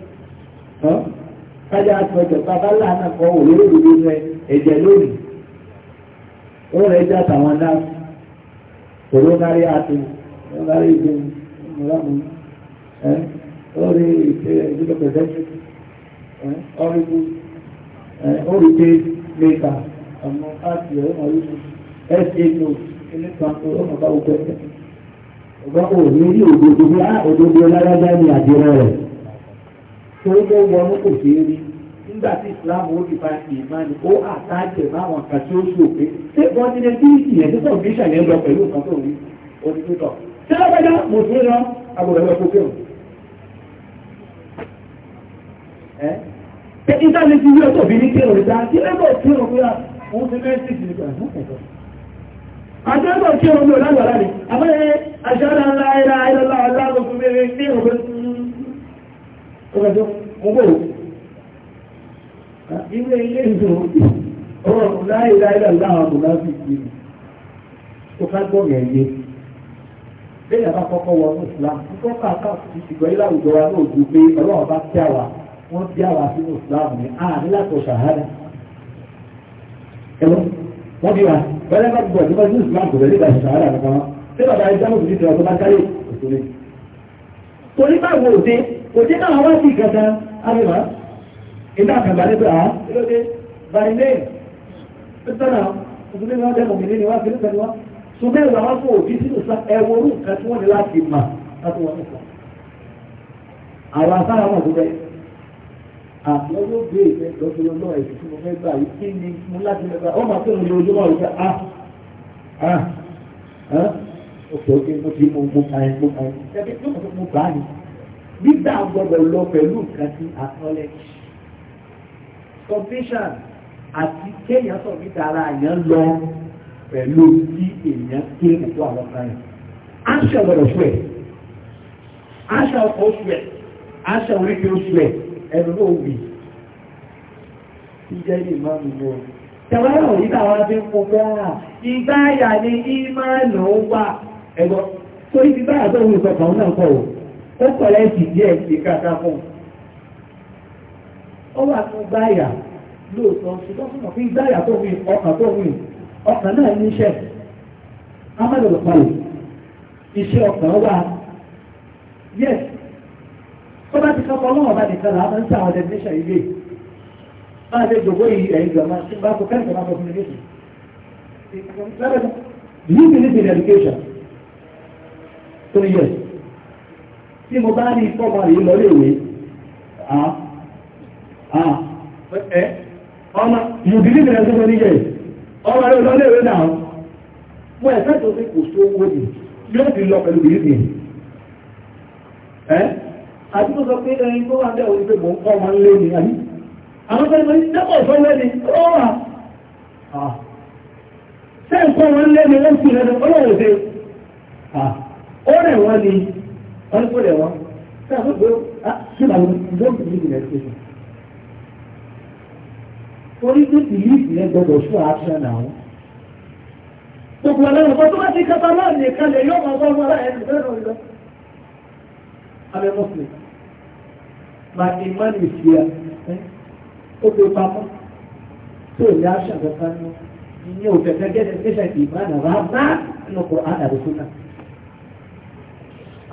kájà àtọjọ babalá náà kọ òwe òdodo rẹ ẹ̀jẹ̀ lónìí ó rẹ jẹ àtàwọn náà koronari àti koronari ìdè ìmúlámù ẹ orí ìṣe ìdílé pẹ̀lẹ́tì ẹ ọrìbù ẹ oríṣi mẹ́ta ọmọ ọrụ ọmọ ọrụ ike ẹlẹ́tàkó ọmọ bá wù torí pé wọnú kò ṣe é rí nígbà tí islam ó ti fa ìmánu ó àtàjẹ báwọn kan tí ó ṣe òpin ṣé wọn ti lè bíi ìyẹn tí kò ní ṣàyẹn lọ pẹ̀lú nǹkan tó rí onídùúdọ ṣé lọ́gbẹ́dá mo ti lọ agbọ̀dọ̀ lọ kókè o. ṣé ìtàlẹ̀ ti rí ọ̀tọ̀ bí ní kí òrìṣà kí lẹ́gbọ̀ kí òun fúnra òun ti mẹ́sì ti nípa ẹ̀fọ́ àjọ́gbọ̀ kí òun lò lágbàlá ni àbẹ́rẹ́ àṣọ́ra ńlá ẹ̀rọ ayélujára aláàbò fún mi ní òfin ọjọ́ mọ́gbọ́ ilé ilé ìjọ ọ̀rọ̀ láì láìlà láwọn mùnáfi kì í tó ká gbọ́ yẹn yé bẹ́ẹ̀ yàrá kọ́kọ́ wọ ní Islam kíkọ́ kàkà ìṣùgbọ́n ilé àwùjọ wa náà ju pé ọlọ́run bá tẹ́ àwà wọ́n tẹ́ àwà sínú Islam ní àárín látọ̀ ṣàhádà ẹ̀rọ wọ́n bí wa wọ́n lẹ́gbàá gbọ́ ìjọba ní Islam kò lẹ́gbàá ṣàhádà kankan tí bàbá ẹgbẹ́ mọ̀ kò tí náà wá sí ìkàtà àríwá ìdá àkàbà lẹ́gbẹ́ àá lóde bàrí lẹ́yìn tó tọ́nà òṣèlú náà dẹ́mọ̀ mi ní wá sí nípa níwá ṣùgbọ́n ìwà wá fún òbí sínú sa ẹwọ orú nǹkan tí wọ́n ní láti mà láti wọn nípa àwọn afárá wọn tó bẹ́ẹ̀ àwọn yóò gbé ìfẹ́ lọ́sọ̀rọ̀ náà èyí tí mo fẹ́ gbà yìí kí ni mo láti mẹ́ta ó máa tó mi lójú náà wípé ah ah ah ok ok mo ti mo mo ka ẹ mo ka ẹ ẹ bí mo bá a ni gbígbà gbọ́dọ̀ lọ pẹ̀lú nǹkan tí a knowledge completion àti kéèyàn sọ níta ara èèyàn lọ pẹ̀lú tí èèyàn ké òkú àwọn kan yẹn aṣọ gbọ́dọ̀ fún ẹ̀ aṣọ ọkọ̀ oṣù ẹ̀ aṣọ oríkì oṣù ẹ̀ ẹnu ló wì ìjẹ́ ìmọ̀ mi lọ. Tẹ̀wọ́rọ̀ yìí táwọn fi ń fún bẹ́ẹ̀ ìgbáyà ni ìmọ̀ ló wà ẹ̀gbọ́n torí ti báyà tó wù sọ̀kan náà kọ̀ wò ó kọ̀lẹ́ ti díẹ̀ ṣe káàkiri fún un. ó wà fún gbáyà lóòótọ́ ṣùgbọ́n fún òfin gbáyà tó wù ọkàn tó wù ọkàn náà níṣẹ́ amádọ̀lọ́pàá iṣẹ́ ọkàn wà yes tó bá ti kọ́kọ́ lọ́wọ́ bá ti kọ́ làwọn ń sáwọn definition ilé máa lè jòkó yìí ẹ̀yìn gbọ̀mọ́ tí bá kọ́ kẹ́kọ̀ọ́ máa kọ́ Do you believe in education? So yes tí mo bá rí fọ́mọ yìí lọ léèwé ọmọ yìí ní ìrẹsì tó ọmọ rẹ lọ léèwé náà mo ẹ̀fẹ́ tó fi kò sówó ni yóò ti lọ pẹ̀lú bìrìbì àti tó sọ pé ẹni tó wà bẹ́ẹ̀ orí pé mò ń kọ́ ni àbí àwọn tó ń ní dẹ́kọ̀ ìfọ́wé ni ó wà sẹ́ǹkọ́ wọn lé ni ó sì rẹ̀ ọlọ́wọ́ ṣe ó rẹ̀ wọ́n ni wọ́n kó lẹ̀ wọ́n ṣé àwọn pé kí làwọn don't believe in education. torí pé belief yẹn gbọdọ̀ show action àwọn. gbogbo ọlọ́run kan tó bá ti kẹta náà lè yọ ọmọ ọgbọ́n ọlá ẹni bẹ́ẹ̀ náà lọ. abẹ́ mọ́sùlùmí máa ní mọ́nì ìṣìyà ó gbé pamọ́ tó lè aṣọ ní ní òfẹ̀fẹ̀ gẹ́gẹ́ tẹ̀sán ìmọ̀ àná rárá nínú kò náà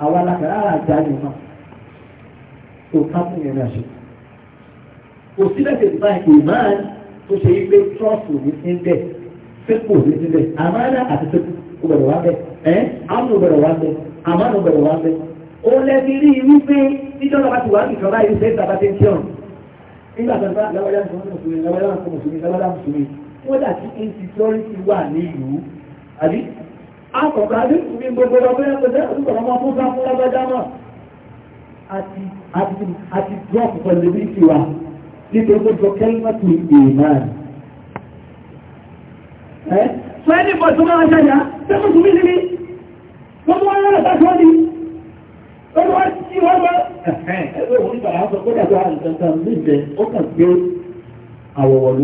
àwọn alákàrà àjáde náà tó ká fún ìrìn àṣẹ. kò síbẹ̀ tètè báyìí kò máa tó ṣe yí pé trọ́ọ̀sì ní sí bẹ́ẹ̀ fẹ́pù ní sí bẹ́ẹ̀ àmàlà àti fẹ́pù kò bẹ̀rẹ̀ wá bẹ́ẹ̀ ẹ́ àmì ò bẹ̀rẹ̀ wá bẹ́ẹ̀ àmàlà ò bẹ̀rẹ̀ wá bẹ́ẹ̀. ó lẹ́bi rí i wípé níjọba bá ti wà ní ìjọba yìí sẹ́yìn bàbá ti ń tíọ̀n nígbà tó ń bá lọ́wọ́dá akọ̀kadì a gbogbo ọgbẹ́ ẹgbẹ́ ọ̀sọ̀rọ̀ máa fún sáfún lágbájá náà àti àti àti pẹ̀lú ní tiwa nítorí pé jọ kẹ́lìmọ̀ tó sọ ẹni bọ̀ tó máa ṣàyà tó mú nílé wọ́n wọn lọ́nà sáfún ọ́nì wọ́n wá sí wọn bá. ẹgbẹ́ òun ní sọ pé dàgbà àlùkàntàn ní ìbẹ̀ ó kàn gbé àwọ̀wọ̀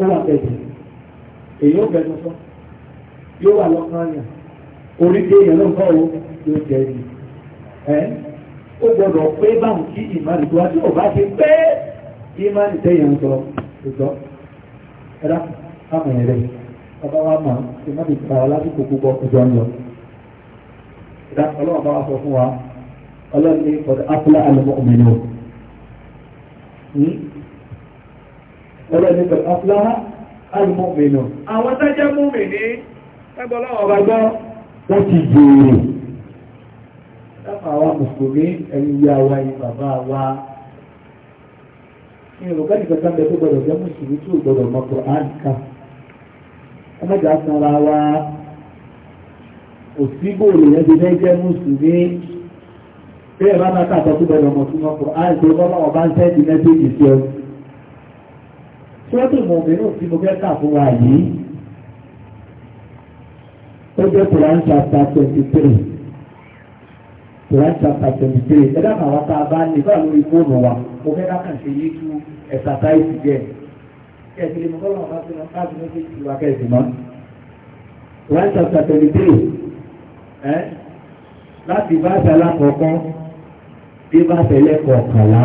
ó wà bẹ̀rẹ̀ èyí ó bẹ̀rẹ̀ sọ yóò wà lọ́kàn àyàn orí dé èèyàn náà bọ́ọ̀ yóò jẹ ẹni ẹ́ ó gbọ́dọ̀ pé báwọn kí ìmáàlì tó wá tí ò bá ti pé ìmáàlì tẹ́yàn sọ ìgbọ́ ẹ̀rá àmọ̀ ẹ̀rẹ́ ọba wa mọ̀ ṣe má ti gba ọ lásìkò púpọ̀ ọjọ́ ń lọ ìdá ọlọ́run bá wa sọ fún wa ọlọ́run ní ọ̀dọ̀ ápùlá àlùmọ́ òmìnira ọlọ́ni pẹ̀lú afúláhá alùmọ́mìnà àwọn tẹ́jẹ́ múmi ní ẹgbọ́lọ́wọ́ bá gbọ́ wọ́n ti jèrè lápá àwọn mùsùlùmí ẹni ya wa ni bàbá wa ní ìrọ̀kẹ́ nìkan sáńdẹ̀ tó gbọdọ̀ jẹ́ mùsùlùmí tí ò gbọdọ̀ mọ́tò áǹkà ọmọdé sanra wa òsígbò lèyẹn ti fẹ́ jẹ́ mùsùlùmí bí ẹ bá máa tàbọ̀ tó gbọdọ̀ mọ̀tò mọ́tò ọmọ ọba ń sẹ́ẹ̀dì mẹ́tẹ́ẹ̀jì sí ọ sọ́tò mọ̀mìnú tí mo fẹ́ kà fún wa yìí ó jẹ́ Quran chapter twenty three Quran chapter twenty three ẹ dábàá wa tá a bá ní báwo lórí fóònù wa mo fẹ́ kákan ṣe yí tú ẹ̀ka táìsì jẹ́ kẹ̀sìlẹ̀ mo kọ́ lọ́wọ́ fásitì náà káàdì ló fi ti wa kẹ̀sì mọ́ Quran chapter twenty three ẹ láti bá aṣọ alákọ̀ọ́kọ́ dé bá aṣọ ẹlẹ́kọ̀ọ́kànlá.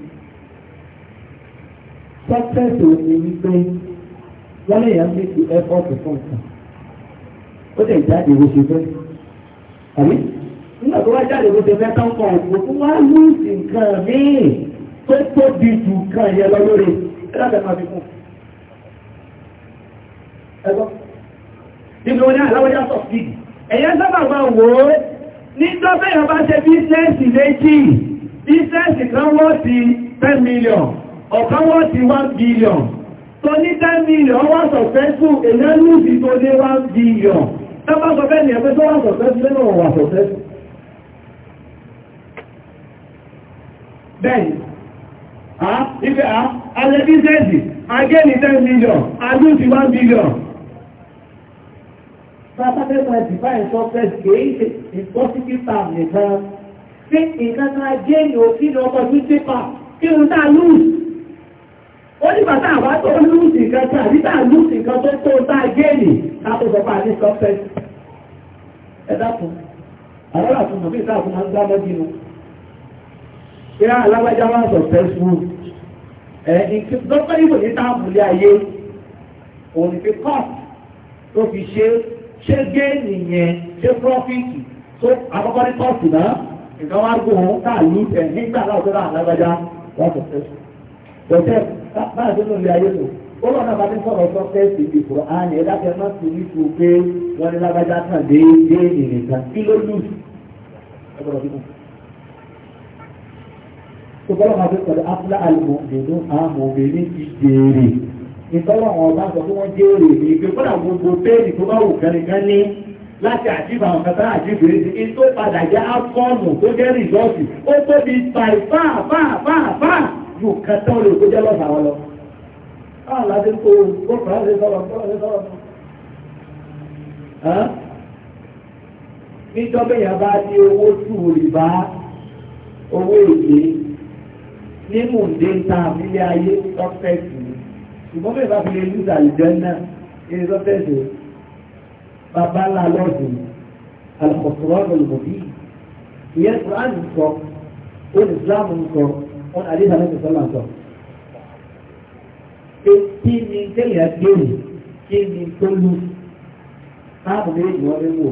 success ò wípé wọ́n lè yàn mí ti effort fún nǹkan ó lè jáde bó ṣe fẹ́ àbí nígbà tó wá jáde bó ṣe fẹ́ tán kan òkú wá lùsì nǹkan míì tó tóbi jù kan yẹn lọ lórí ẹ̀rọ máa fi kún ẹgbọ́n níbi wọn ní àláwọ́já sọ fíìdì ẹ̀yẹ́ sábà máa wò ó ní tọ́fẹ́ bá ṣe bíṣẹ́ẹ̀sì méjì bíṣẹ́ẹ̀sì kan wọ́n ti 10 million ọ̀kan wọ́n ti one billion tó ní ten million wọ́n successful èèyàn lùsì tó dé one billion tó bá sọ bẹ́ẹ̀ ni ẹgbẹ́ tó wà successful lẹ́nu wà successful bẹ́ẹ̀ ibẹ̀ a alẹ́bí sẹ́ẹ̀sì agẹ́ni 10 million agúnsí 1 billion pátápẹ́ta divine success kìí ṣe impossible time nìkan pé nǹkan kan jẹ́ ní òfin ọkọ̀ tó tẹ́pà kí o dá lóòsì ó ní bàtà àbá tó lùsì nǹkan tí àbí tá lùsì nǹkan tó tó tá géèlì káàtó sọpá àti sọpẹ́ ẹ dákun àwọn àtúntò bí ìta àfúnmọ́ ń gbá mọ́jú nu alágbájá wà sọpẹ́ fún ẹ ìgbọ́pẹ́ ìbò ní táàbùlé ayé òun ní fi tó fi ṣe ṣé géèlì yẹn ṣé bá a ti lò ní ayé lò ó lọ náà bá ti sọ̀rọ̀ sọ fẹ́ẹ̀sì ti kùrọ̀ á ní ẹ̀dá kẹ́ẹ́ má ti ní tu pé wọ́n ní lágbájá kan dé dé ìrìnkan kí ló lù ọgbọ̀n tó kù. Sọ̀rọ̀ máa fi pẹ̀lú Afúlá àlùmọ̀ ìdùnnú àmọ̀ obìnrin ti jèrè. Ìtọ́lọ̀wọ̀n ọba sọ fún wọn jèrè ní ìgbé fúnà gbogbo bẹ́ẹ̀ni tó bá wù kẹ́nìkan ní láti àjíbà àwọn kẹta àjíbà èyí ti tó padà jẹ́ áfọ́ọ̀nù tó jẹ́ rìsọ́ọ̀tì ó tóbi fàì fáà fáà fáà fáà ju nǹkan tán lè kó jẹ́ lọ́sàn àwọn lọ. báwo ah, la ti ń kó gbọ́kànlá lè sọ̀rọ̀ sọ̀rọ̀ lè sọ̀rọ̀ sọ̀rọ̀. níjọ́ bẹ́yà bá ní owó tù rìbá owó èlé ní mùndé ń ta àbílẹ̀ ayé sọ́fẹ̀tì ṣùgbọ́n bẹ́ẹ̀ bá fi lè lùzà ìjọ náà ní sọ́fẹ̀tì bàbá ńlá lọ́dún alùpùpù rọ́ọ̀lù mọ̀bí ìyẹn kùránì sọ olùsílámù sọ wọn àdéhùn àti sọ́là sọ. pé kí ni tẹ́lẹ̀ àgbèrè kí ni tó lu káàbù méjì wọn léwu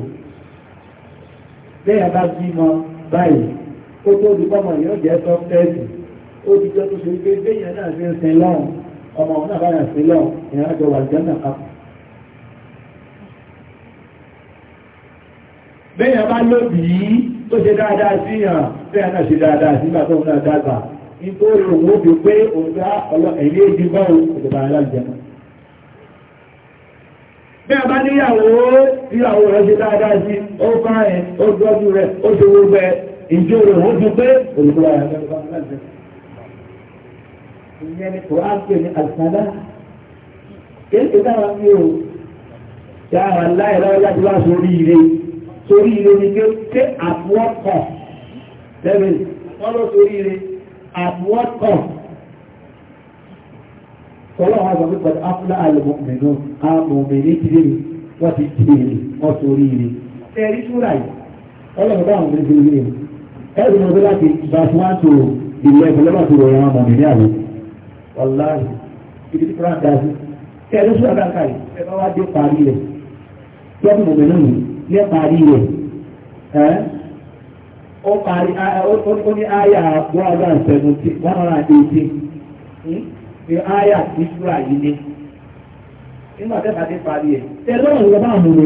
bẹ́ẹ̀ bá bímọ báyìí ó tó di pọ́mọ yóò jẹ́ sọ́fẹ́ẹ̀sì ó ti jẹ́ tó ṣe pé béèyàn náà fi ń sin lọ́hùn ọmọ náà báyà sí lọ́hùn ìrìnàjò wà jẹ́ náà kápù. béèyàn bá lóbìí tó ṣe dáadáa sí yàn bẹ́ẹ̀ náà ṣe dáadáa sí bàtọ́ náà dágbà nítorí òun ó fi pé òǹkà ẹ̀yẹ́ ìdí bá òun ìjọba aláìjẹ náà. bí a bá níyàwó ìyàwó rẹ̀ ṣe dáadáa sí ó bá ẹ̀ ó dọ́jú rẹ̀ ó ṣe gbogbo ẹ̀ ìjọ rẹ̀ ó fi pé òǹkà aláìjẹ. ìyẹn ni kò á pè ní àlùfáàdá kéèké dára ní o yàrá láìláì láti wá sórí ire sórí ire ni pé àfọwọ́kọ̀ lẹ́mìí wọ́n lọ sórí ire at what cost? Tọ́lọ́ wa gbàgbé pẹ̀lú Afúlá Àlùmọ̀mìnú, àmọ̀mìnì ti dé mi, wọ́n ti ti èrè, wọ́n sórí ire. Ẹ̀rí túra yìí, ọlọ́run bá àwọn ọmọdé ṣe rí ẹ̀rù ní ọdún láti verse one to eleven lọ́wọ́ tó rọrùn àwọn ọmọdé ní àlọ́. Ọ̀láàrí, ibi tí Kúrán dá sí. Ẹ̀rí túra dáńkà yìí, ẹ bá wá dé parí rẹ̀. Tọ́kùn ọmọdé náà ní parí rẹ̀. ó parí ó ní àyà one hundred and seventeen one hundred hmm? ní àyà ìṣúra yìí ni nínú àtẹ́fà ti parí ẹ̀ bá wọ́n ṣe wọ́n ṣe rè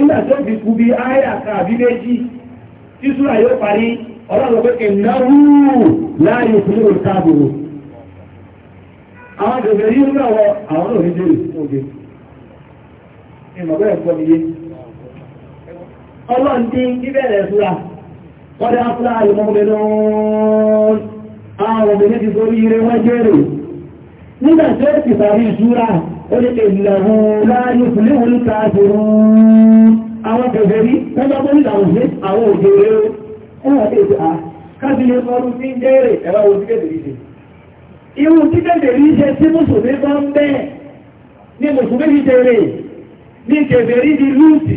nígbà tó fi kú bí àyà kan méjì ìṣúra yóò parí ọlọ́run pé ìnáwó láàyè àwọn àgbègbè yìí ń àwọn òde mi yé. ọlọ́run ti ń kí bẹ̀rẹ̀ fúra kọ́dá fúra ìmọ̀mọ̀mẹ́nà àwọn obìnrin ti sórí ire wọ́n jèrè nígbà tí ó ti parí ìṣúra ó lè ìlànà láàyè fúlé wọn níta àṣírò àwọn kẹfẹ́rí wọ́n bá bọ́ nílànà sí àwọn òjèrè ó wọ́n ti à kábílẹ̀ ọdún tí ń jèrè ẹ̀rọ ojú kẹfẹ́rí ṣe irú tí kẹfẹ́rí ṣe tí mùsùlùmí bá ń bẹ́ẹ̀ ni mùsùlùmí fi jèrè ní kẹfẹ́rí di lúùsì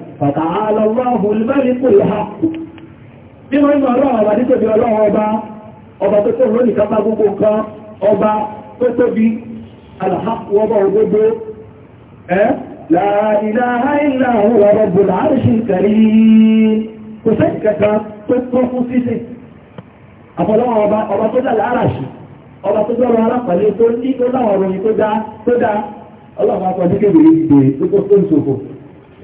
فتعالى الله الملك الحق بما ان الله ما دي بي الله ọba ọba tó tó lónìí ká bá gbogbo nǹkan ọba tó tóbi alhaq ọba òdodo ẹ́ la ilaha illa huwa rabbul arshil karim kò sẹ́ni kẹta ọ̀rọ̀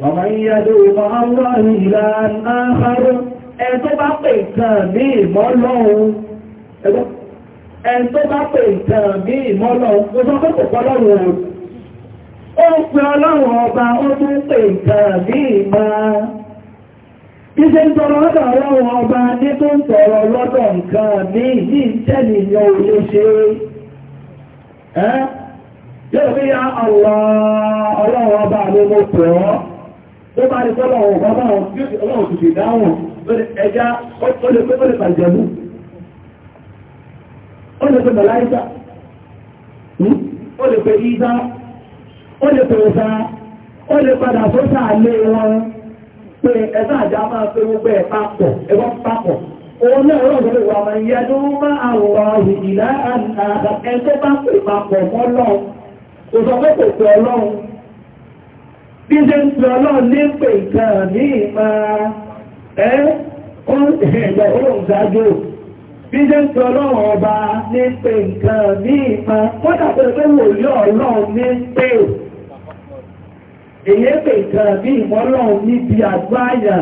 ومن يدعو مع الله إلها آخر ẹn tó bá pè nǹkan ní ìmọ́lọ́run ẹn tó bá pè nǹkan ní ìmọ́lọ́run ó sọ pé kò pọ́ lọ́rùn ọ̀rùn ó ń pè ọlọ́run ọba ó tún pè nǹkan ní ìmọ̀ iṣẹ́ ń tọrọ ọlọ́run ọba ní tó ń tọrọ lọ́dọ̀ nǹkan ní ní ìtẹ́nìyàn ò ṣe yóò fi ya ọlọ́run ọba ló mọ̀ pọ̀ ọ́ tó bá rí sọ́lọ̀ ọ̀hún bàbá wọn yóò ti ọlọ́run ti fi dáhùn ẹja ó lè pé ó lè bàjẹ̀mú ó lè pé mọ̀láìsà hmm? ó lè pé ìdá ó lè pé ọ̀sá ó lè padà sọ́sà lé wọn pé ẹ̀sà àjá máa pé gbogbo ẹ̀ papọ̀ ẹ̀wọ́n papọ̀ òun náà rọ̀ lórí wa máa yẹ ló máa àwòrán ọ̀hìn ìlà àná ẹ̀ tó bá pè papọ̀ mọ́ lọ́hùn bí ṣe ń sọ ọlọ́run ní pè kan ní ìmọ̀ ẹ́ ẹ̀yọ̀ òun ṣáájú bí ṣe ń sọ ọlọ́run ọba ní pè kan ní ìmọ̀ kódà pé pé wòlíì ọlọ́run ní pè èyí pè kan ní ìmọ̀ ọlọ́run níbi àgbáyà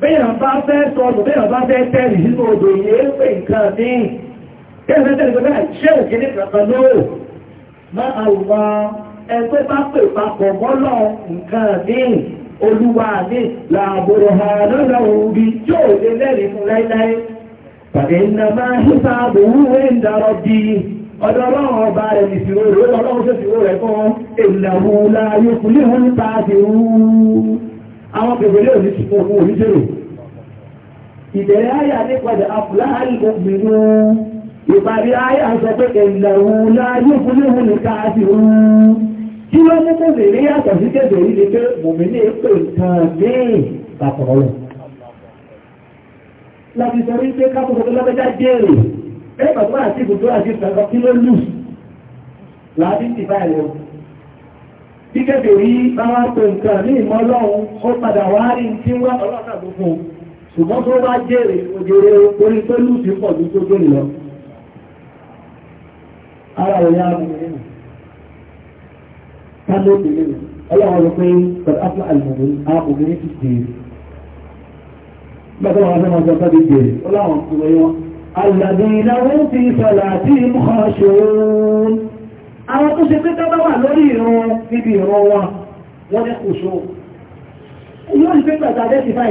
béèyàn bá fẹ́ sọ̀rọ̀ béèyàn bá fẹ́ tẹ̀lé sínú odò èyí pè kan ní kí ẹ̀sẹ̀ pé bẹ́ẹ̀ ṣé òkè ní kankan lóò má àwùwá ẹgbẹ́ bá pè papọ̀ mọ́lọ̀ nǹkan míì olúwa mi làbòrò ha lọ́nà òbí tí ò lè lẹ́rìí fún láíláí. Bàbá iná máa ń hípa àbòwú wé ń darọ̀ bí ọ̀dọ̀ ọlọ́run ọba rẹ̀ nìṣirò rẹ̀ ọlọ́run tó ṣòro rẹ̀ fún ìlàwù láàyè kùlé wọn nípa àdìrú. Àwọn bèbèrè òní ti fún òun oníṣòro. Ìbẹ̀rẹ̀ ayà nípadà àfúlá àìkò Ìparí ayà sọ pé ìlàwù láàyè kùlé wọn nípa àdìrú tí wọ́n ní kèfèrí yàtọ̀ sí kèfèrí lè pé mòmìnì pè nǹkan míì papọ̀ rẹ̀. láti sọ wípé kápọ̀tọ̀ tó lọ́gbẹ́já jèrè ẹ bàbá àti ibùdó àti ìtàkọ́ kí ló lù láti ti báyìí o. bí kèfèrí bá wá pè nǹkan míì mọ́ lọ́hùn ó padà wá rí tí wọ́n ọlọ́kà tó fún un ṣùgbọ́n tó bá jèrè òjèrè orí pé lù sí pọ̀ ju tó jèrè lọ. ara rẹ̀ yá nínú sábẹ́ òkèlè rẹ̀ ọlọ́run ló pé pẹ̀lú ápù àlùmọ̀mí àwọn obìnrin ti dèrè gbàgbọ́ àwọn afẹ́ máa jọ sábẹ́ dèrè ọlọ́run kò wọ́n wọn. àlàdìnnà wọn fi sọ̀rọ̀ àti ìmúkọ̀ ṣòun. àwọn tó ṣe pé tó bá wà lórí ìran níbi ìran wọn wọ́n ní kò ṣó. yóò ṣe pé pàtàkì identify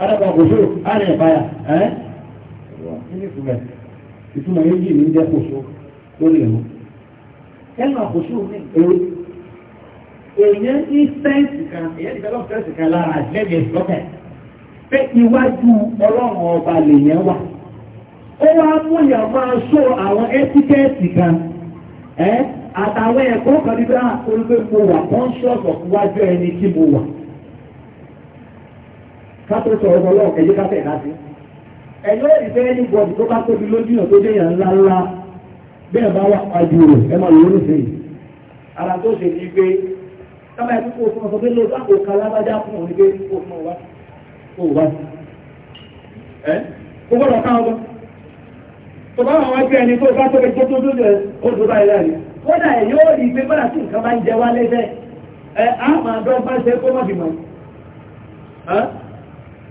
alábọ̀ kòṣó àrẹ ìpayà ẹ́ nínú ìtumẹ̀ ìtumẹ̀ méjì ní jẹ́ kòṣó lórí ẹ̀rọ kẹ́lá kòṣó ní èrò èèyàn ní sẹ́ǹsì kan èèyàn nígbà lọ́wọ́ sẹ́ǹsì kan lára àjẹ́bí ẹ̀sìn lọ́kẹ̀ pé iwájú ọlọ́run ọba lèèyàn wà ó wá mú máa sọ àwọn kan àtàwọn ẹ̀kọ́ kan níbi àkórí ah, pé mo wà ẹni kátó sọ̀rọ̀ ọlọ́run ẹ̀jẹ̀ ká tẹ̀lá sí. ẹ̀yọ́ ìfẹ́ ní bọ́ọ̀dù tó bá tóbi lójú náà tó dé yàn ńlá bẹ́ẹ̀ bá wà pàjù rẹ̀ ẹ máa ara tó ṣe ti pé sábà ẹ̀kú kó fún ọ sọ pé lóòótọ́ àpò fún òun fún ọ wá wá. ẹ gbọ́dọ̀ ká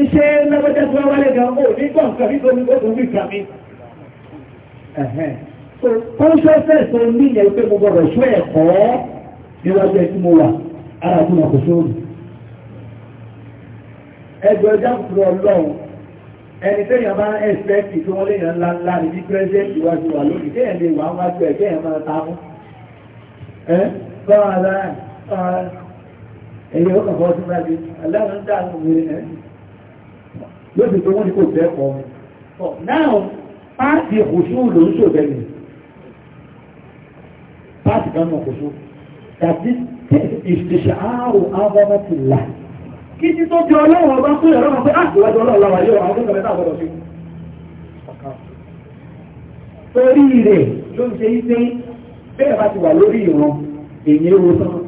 iṣẹ́ lábẹ́jẹ́ tó wálé gan ó ní gbọ̀ǹkan nítorí ogun wíkà mi so consciousness tó ní ìyẹn pé mo gbọ́dọ̀ ṣó ẹ̀kọ́ níwájú ẹ̀ tí mo wà ara tí mo kò sóòrù ẹgbẹ́ ọjà kúrò ọlọ́run ẹni tẹ́yàn bá ẹ̀sẹ̀kì tí wọ́n léèyàn ńlá ńlá ní bí pírẹ́sẹ̀ntì iwájú wà lónìí tẹ́yàn lè wà wájú ẹ̀yẹ ọkàn fọ́ sí wáyé aláwọ̀ ń dáa lómi ẹ̀ lóṣù tó wọ́n ní kò fẹ́ kọ́ mi. náà páàtì kòṣù ló ń ṣòbẹ̀ mi páàtì kan náà kòṣù tàbí ìṣẹ̀ṣẹ̀ àárò ábọ́mọ́ ti là. kí ti tó di ọlọ́run ọba fún ẹ̀rọ máa pé àtìwájú ah, ọlọ́run làwọn yóò àwọn akẹ́kọ̀ọ́ mẹ́ta àgbọ̀dọ̀ sí. torí rẹ̀ ló ń ṣe yí bẹ́ẹ̀ bá ti wà lórí ìran èyí ló sọ́nà.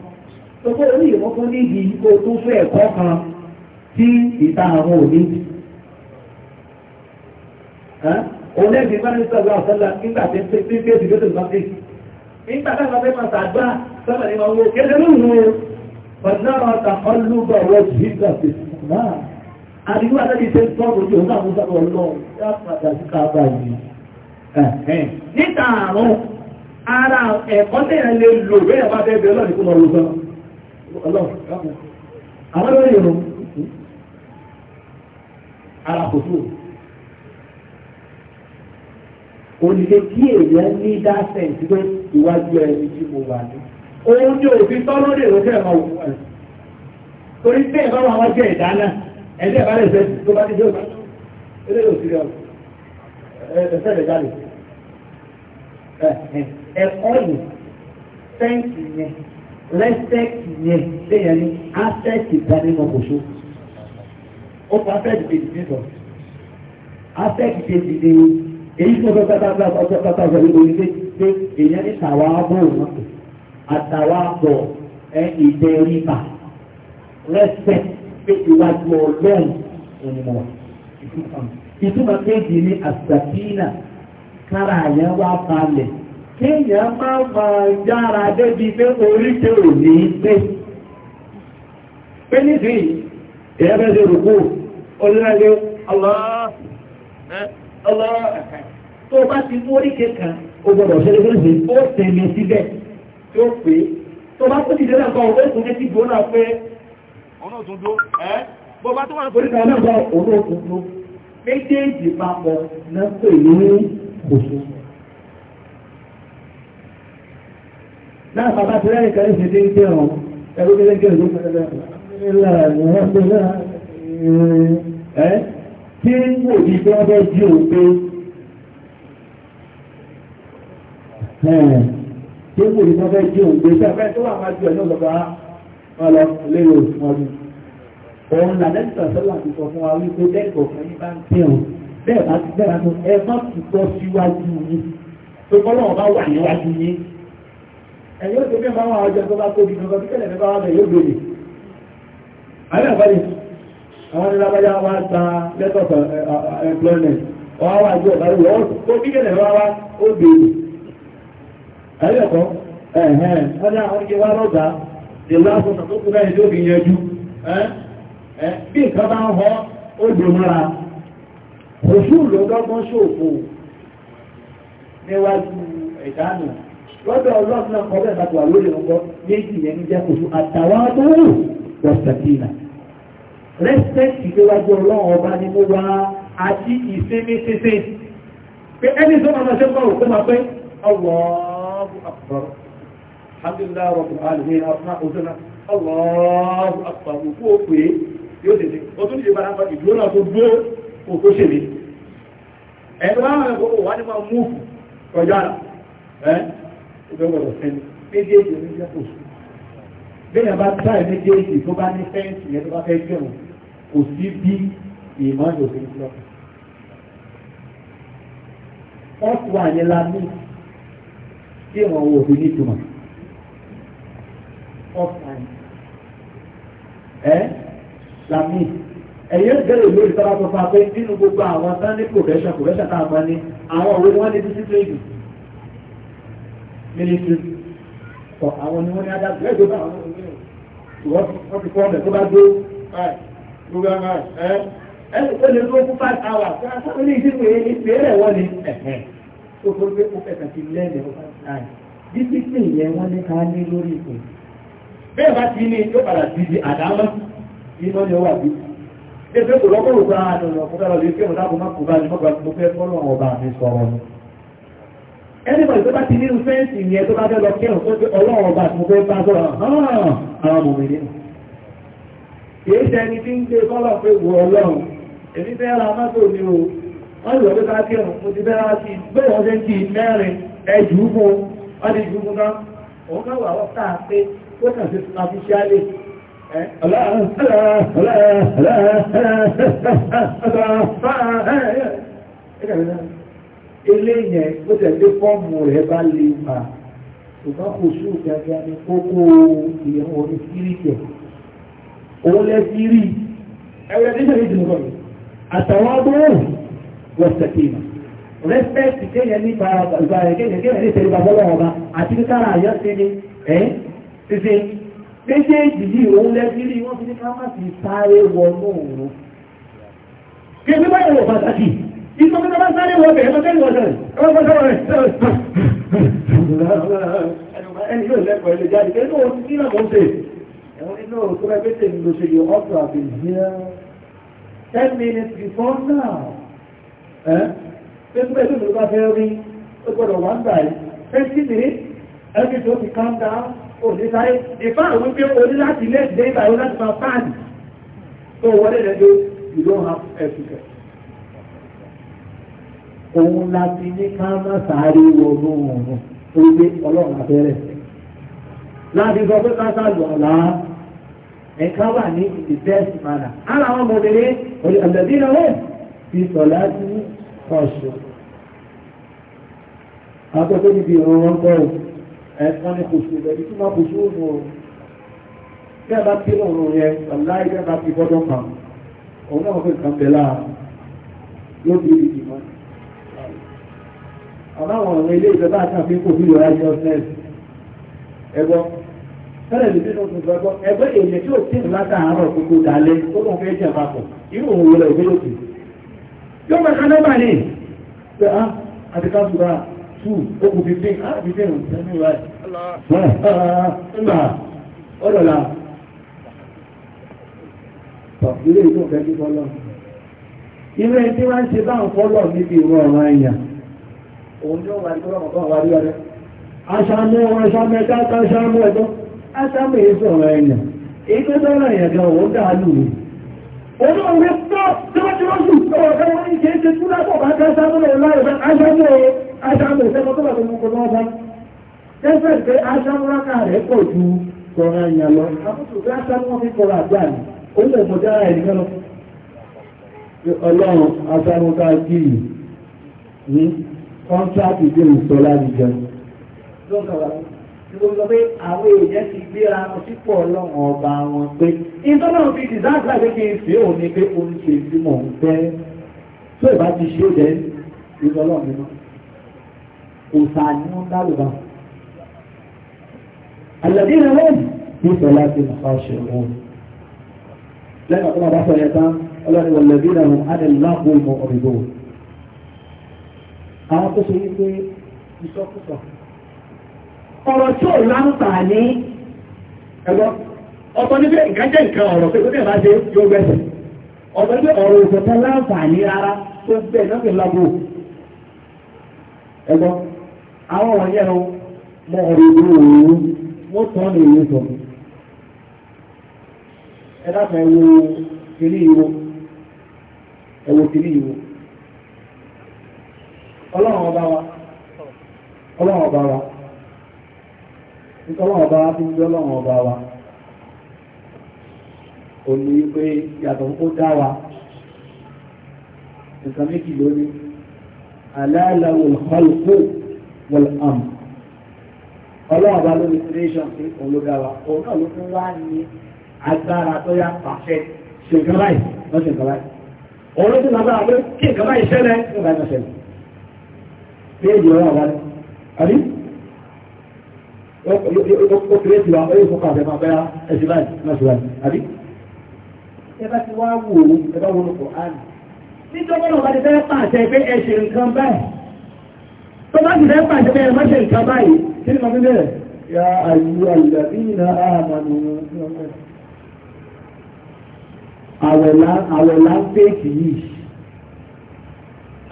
Gbogbo orí ìwọ́n fún níbi kó tún fẹ́ ẹ̀kọ́ kan tí ìta àwọn òní. Òun ẹ̀bí máa ń sọ̀rọ̀ àfẹ́lá nígbà tí ń pè sí pé ìdílé tó bá dé. Nígbà táwọn ọmọ ẹ̀ma sàgbà sọ́nà ni wọ́n wo kéde lóhùn o. Bọ̀dá wọn ta ọlú bọ̀ wọ́n jù nígbà tí náà. Àdìgbò àtẹ́bí ṣe ń sọ̀rọ̀ ojú òun náà mú sọ̀rọ̀ ọlọ́run yá padà àrùn ara ẹ̀kọ́ tẹ̀yẹ lè lò bẹ́ẹ̀ bá fẹ́ bẹ́ẹ̀ lọ́nà ìkúnmọ̀ lọ́sọ̀rọ̀ àwọn lórí ìrùn ara kò fún olùdé kí èèyàn ní dáṣẹ̀ ìdúgbò ìwájú ẹni tí mo wà ní ohun tí òfin tọ́lọ́ lè rọ́ṣẹ́ ẹ̀ma òkú ẹ̀ torí bẹ́ẹ̀ bá wọn wájú ẹ̀dá náà ẹ̀dẹ́ ìbálẹ̀ ìfẹ́ tó bá ti dé òkú ẹ̀dẹ́ òsì rẹ̀ ẹ̀fẹ́ rẹ̀ jáde ẹ̀kọ́ yìí fẹ́ǹsì yẹn respect yẹn léyìn ní access ìdánimọ̀ kò so ó fọ access ìdè ìdè sọ access ìdè ìdè èyí tó fẹ́ pátápátá ọjọ́ pátápátá ọjọ́ ìdè ìdè pé èyàn ní tàwa bò wọn kò àtàwa bọ̀ ẹ ìdẹ́rìbà respect pé ìwájú ọlọ́run onímọ̀ ìtumọ̀ méjì ní àṣàkínà kára àyẹ̀wò abalẹ̀ kéèyàn máa ma yára débi pé oríṣẹ́ ò ní pé pé nísìnyí èyàn bẹ́ẹ̀ ṣe rùkú olúrẹ́lẹ́ ọlọ́ tó bá ti mú oríkẹ́ kan ó gbọ́dọ̀ ṣe lóṣèlú ó tẹ̀lé síbẹ̀ tó pé tó bá tó ti dẹ́rẹ́ nǹkan ó tún ní ti gbóná pé ọ̀nà òtún dó ẹ́ bọ́ bá tó wà ní oríkẹ́ ọlọ́gbọ́n òun ó tún dó méjèèjì papọ̀ náà pè ní náà bàbá ti rẹ́rìn kan ṣe déédé ọ̀hún ẹgbẹ́ tó lẹ́gbẹ̀ẹ́ ló fẹ́rẹ́ tí wò ní bí wọ́n bẹ́ jí òun pé tí wò ní bí wọ́n bẹ́ jí òun pé sẹ́fẹ́ tó wà máa ni òun là lẹ́sìn sọ́là ti sọ fún wa wípé lẹ́kọ̀ọ́ kan ní bá ń tẹ̀wọ̀n bẹ́ẹ̀ bá ti bẹ́ẹ̀ bá tó ẹ ẹ̀yọ́ tó kẹ́ máa wọ́n àjọ tó bá kó bí nǹkan kíkẹ́lẹ̀ ní bá wà bẹ̀ yóò gbèrè àwọn àbáyé àwọn ní lábájá wá ta letter of eh, eh, eh, employment wọ́n wá jọ ọ̀bá rẹ̀ wọ́n tó kíkẹ́lẹ̀ wá wá ó gbèrè ẹ̀yọ́kọ́ ẹ̀hẹ́n wọ́n ní àwọn oúnjẹ wá lọ́gàá ìlú àkóso tó kú lọ́dọ̀ ọlọ́run náà kọ́ bẹ́ẹ̀ bá ti wà lórí ọgbọ́ méjì yẹn ń jẹ́ kòtò àtàwádúró wọ̀sàkínà rẹ́spẹ̀tì níwájú ọlọ́run ọba ni mo wá àti ìsinmi sísìn pé ẹni tó máa ṣe mọ́ òkú máa pé Allahu akbar alhamdulillah rabbil alamin asma òṣèlú Allahu akbar òkú òpè yóò tètè ó tún ṣe bára ìdúró náà tó dúró òkú ṣèlè ẹ̀rọ lọ́wọ́ ọ̀fẹ́ méjèèjì ní jẹ́ kò sí bẹ́ẹ̀ bá táì méjèèjì tó bá ní fẹ́ǹsì yẹn tó bá fẹ́ jẹun kò sí bí ìmọ̀ òfin lọ. wọ́n tu àyẹ̀ la mí tí wọ́n wo òfin nítumọ̀ ọ̀sán ẹ̀ la mí ẹ̀yẹ́ bẹ̀rẹ̀ lórí sábà tó fa pé nínú gbogbo àwọn a máa ní àwọn òwe military eh? eh, for àwọn ni wọ́n ní adájọ́ ẹgbẹ́ bá àwọn ọmọ ìwọ́n wọ́n ti kọ́ tó bá dó gbogbo ẹ̀ ẹ̀ ẹ̀ ó lè dúró fún five hours ṣé aṣáájú ní ìdílé ìpínlẹ̀ wọ́n ni ẹ̀hẹ̀ tó kọ́ pé ó fẹ́ kàtí lẹ́ẹ̀dẹ̀ ó bá discipline yẹn wọ́n ní ká ní lórí ìpè bá ti ní tó padà sí di ni ó wà bí ẹnìmọ̀ tó bá ti nínú fẹ́ǹsì yẹn tó bá fẹ́ lọ kẹ́hùn tó ti ọlọ́run ọba tó fẹ́ bá bọ́ àwọn ọmọ mi nínú. kìí ṣe ẹni tí ń gbé kọ́lọ̀ pé wọ ọlọ́run èmi fẹ́ ra mọ́tò ni o wọ́n lọ pé ká kẹ́hùn mo ti fẹ́ ra sí bẹ́ẹ̀ wọ́n ṣe ń kí mẹ́rin ẹjù mú wọ́n ti jù mú náà òun káwà wọ́n tà pé ó kàn sí àfiṣálè ọlọ́run eléyẹn ó tẹ̀lé fọ́ọ̀mù rẹ̀ bá lè mà ṣùgbọ́n kò sí òkèèkè ní kókó ìyẹ̀wò ní síríkẹ̀ òun lẹ sírí ẹ̀rẹ́ nígbà méjì mú lọ́rùn àtàwọn ọdún wọ́n tẹ̀lé mà rẹ́spẹ̀tì kéèyàn ní ìgbà rẹ̀ kéèyàn ní ìtẹ̀lé bàbá ọlọ́wọ́ bá àti kíkára àyọ́ sí ni ẹ̀ ṣíṣe méjèèjì yìí òun lẹ́sí rí wọ́n fi ní ká má sì sáré wọnú òun. kí ẹgbẹ́ báyìí wọ̀ pàtàkì Ìjọba tó bá sáré wọ bẹ̀rẹ̀ lọ́tẹ́ ìwọ̀sẹ̀. Ọmọ sọ́rọ̀ rẹ̀ sọ́rọ̀. Ẹni yóò lẹ́kọ̀ọ́ ilé jáde, kí ló ń kí náà mọ́ ṣe? Ẹ̀wọ̀n inú òkú rẹ̀ pé tèmi ló ṣe yọ ọ́pọ̀ àbí ìhìyà. Ten minutes before now. Ẹ́ pé pé tó ló bá fẹ́ rí, ó gbọ́dọ̀ wá ń gbà yìí. Twenty minutes, ẹni tó ti calm down, òní sáré. Ìfá àwọn wípé oní láti lẹ́ẹ̀dẹ́ ìbàyọ̀ láti máa pààlì. Tó wọlé rẹ̀ dé, you don't have everything òun la ti ní ká má sáré wọnú ọ̀run tó gbé ọlọ́run abẹ́rẹ́. láti sọ pé káṣá lù ọ̀la ẹ̀ka wà ní the best manner. ara àwọn ọmọbìnrin òní ọ̀dẹ̀bí náà wẹ̀ fi sọ̀lá sí ọ̀ṣọ́. àtọ́ tó níbi ìrọ̀ wọn kọ́ ọ ẹ̀fọn ni kò sí ìbẹ̀bí tó má kò sí òun o. bí a bá kí lóòrùn yẹn ọ̀la ìgbà bá fi bọ́dọ̀ kan òun náà fẹ́ kàn bẹ́ẹ̀ láà yóò ìdìbò náà àbáwọn àwọn ilé ìjọba àtàfin kò fi ìrora yọ nẹ́ẹ̀sì ẹgbọ́ fẹ́rẹ̀ lè nínú tuntun ẹgbọ́ ẹgbẹ́ èèyàn tí ó ti ń látàárọ̀ gbogbo dalẹ̀ tó lóun fẹ́ jẹ́ àpapọ̀ irú òun wọlé òfin lòkè yóò máa kaná bà ní pé á àti káṣùrà tù ó kù fífín á fífín ẹnu rẹ̀ nígbà ọ̀dọ̀là ilé ìjọba ẹgbẹ́ fọlọ́ ilé tí wọ́n ń ṣe báwọn fọlọ́ níbi ìwọ̀n ọ̀ràn èèyàn òun yóò wà ní ọmọ kan wà rí ọrẹ aṣáájú wọn aṣáájú ẹ̀ka ká aṣáájú ẹ̀kọ́ aṣáájú èyí sọ̀rọ̀ ẹ̀yàn èyí tó sọ̀rọ̀ ẹ̀yàn gan òun dà á lù mí. olóòwe tó tí wọ́n ti wọ́n sùn lọ́wọ́ ọ̀gá wọn ní kìí ṣe túnlá pọ̀ bá ká aṣáájú ẹ̀ láì bá aṣáájú ẹ̀ aṣáájú ìṣẹ́kọ̀ tó bá tó mú kó lọ́wọ́ bá. tẹ́sán pé aṣáájú rákà rẹ̀ kọ́ńtíráàtì tí mo sọ láwùjọ. Gbogbo pé àwọn èèyàn ti gbéra wọn sípò ọlọ́run ọba wọn pé ìtọ́nà fi dìsáàtà pé kí n fi òun ni pé òun ṣe tí mò ń fẹ́. Tó ìbá ti ṣe jẹ́ ìrọ̀lọ́ mi mọ́. Òòsà ni wọ́n dá lùbá. Àlàdé rẹ̀ lẹ́yìn ní ìfọ̀lá ti nà ọ̀ṣẹ̀ wọn. Lẹ́yìn àkọ́nà bá sọ̀rọ̀ ẹ̀ta, ọlọ́run wọ̀lẹ̀bí rẹ̀ hàn á àwọn tó ṣe wípé ìsọkúsọ. ọ̀rọ̀ tí ò láǹfààní ẹ̀gbọ́n ọ̀tọ̀ ní pé nǹkan ọ̀rọ̀ pé kókè bá ṣe yóò gbẹ̀sì ọ̀tọ̀ ní ọ̀rọ̀ òṣèlú láǹfààní rárá tó bẹ́ẹ̀ náà fi lábò ẹ̀gbọ́n àwọn ọ̀rọ̀ yẹn mọ ọ̀rọ̀ ìlú òòrùn wọ́n tán lè yé sọ ẹ dákun ẹ wo kiri ìwo ẹ wo ọlọ́run ọba wa ọlọ́run ọba wa nítorí ọba wa ti ń jẹ́ ọlọ́run ọba wa ò ní pé yàtọ̀ ó dá wa nǹkan méjì lórí aláàláwò hàlùkù wọl am ọlọ́run ọba lórí creation pé òun ló dá wa òun náà ló fún wa ní agbára tó yá pàṣẹ ṣe nǹkan báyìí lọ́sẹ̀ nǹkan báyìí òun ló tún lágbára pé kí nǹkan báyìí ṣẹlẹ̀ nígbà yẹn ṣẹlẹ̀ sai da yawa ba ari o kire ti wa o yi fọkàn fẹ ma bẹ ẹsibáyì náà sibáyì ari ẹ bá ti wá wò ó ẹ bá wọ lọ kọ án nítorí wọn bá ti fẹ́ pàṣẹ pé ẹ ṣe nǹkan báyìí tó ti fẹ́ pàṣẹ pé ẹ má ṣe nǹkan báyìí kí ni mo fi bẹ̀rẹ̀ ya ayu alladina amanu àwẹ̀lá àwẹ̀lá ń pè kì í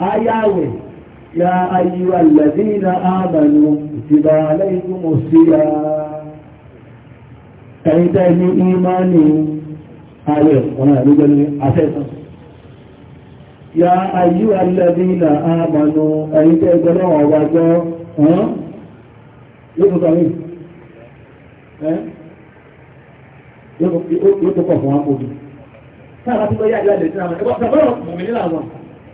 ayáwẹ̀. يا أيها الذين آمنوا كتب عليكم الصيام ya ayíwà lẹ́bí na àmànà ẹ̀yìntẹ́ ìgbẹ̀lẹ̀ ọ̀wàjọ́ ọ̀n yóò yóò tó kọ̀ fún àpòdì sáàrà tí ya yá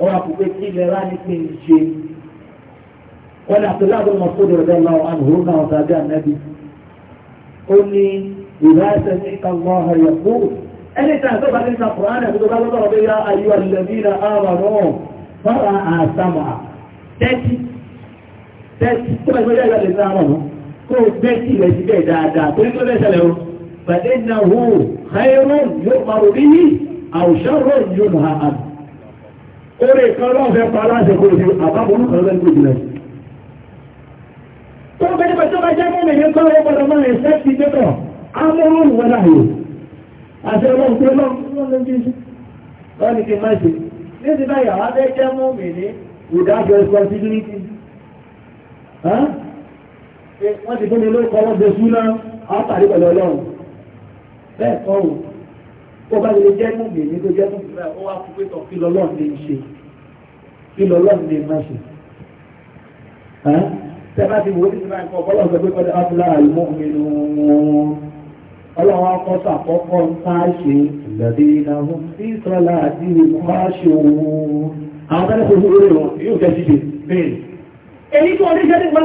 wọn àpòpẹ́ kí ilẹ̀ rà ní kí n ṣe wọn àti láàbọ̀ wọn fún ìrọ̀lẹ́ lọ àbúrò náà wọn tàbí ànábì ó ní ìlà ẹsẹ̀ ní kàwọn ọ̀hẹ̀yẹ̀ kú ẹni tí a tó bá ní sa kùránì àti tó bá lọ́dọ̀ ọ̀bẹ yá ayé ọ̀lẹ́bí ra àwọn náà fara àsàmà tẹ́tí tẹ́tí tó bá ìgbésẹ̀ yọ̀ lè àwọn náà kó bẹ́ẹ̀tì rẹ̀ ti bẹ́ẹ̀ dáadáa torí tó bẹ́ẹ̀ ṣẹlẹ̀ o fàdé náà hù khairun yóò máa rò bí orí kan lọ́wọ́ fẹ́ pa aláṣẹ kò sí àbábọ̀nù kan lọ́wọ́ nígbè jìnnà. tó bẹ́ẹ̀ bẹ́ẹ̀ tó bá jẹ́ mọ́ mẹ́yẹ tó wọ́n gbọ́dọ̀ máa ẹ̀ṣẹ́ ti dẹ́kọ̀ amúrún wọn láàyè àti ọlọ́run pé lọ́wọ́ ló ń bí sí. wọ́n ní kí n má ṣe ní ti báyà wá fẹ́ jẹ́ mọ́ mẹ́lẹ́ without responsibility. wọ́n ti fún mi ló kọ́ ó bá lè jẹ́ mú mi ní tó jẹ́ mú mi náà ó wá fún pé tán kí lọ́lọ́run lè ṣe kí lọ́lọ́run lè má ṣe. tẹ́lá ti wò ó nígbà kan ọ̀pọ̀lọpọ̀ sọ pé kọ́dé áfúlá àlùmọ́ mi nù ọlọ́run akọ́sọ àkọ́kọ́ ń tá ṣe ìgbàdé ìdáhùn sí sọ́lá àti ìwọ̀n aṣọ òun. àwọn tẹ́lẹ̀ tó wúlò rẹ̀ yóò jẹ́ ṣíṣe bẹ́ẹ̀. èyí tó ọdún jẹ́ nípa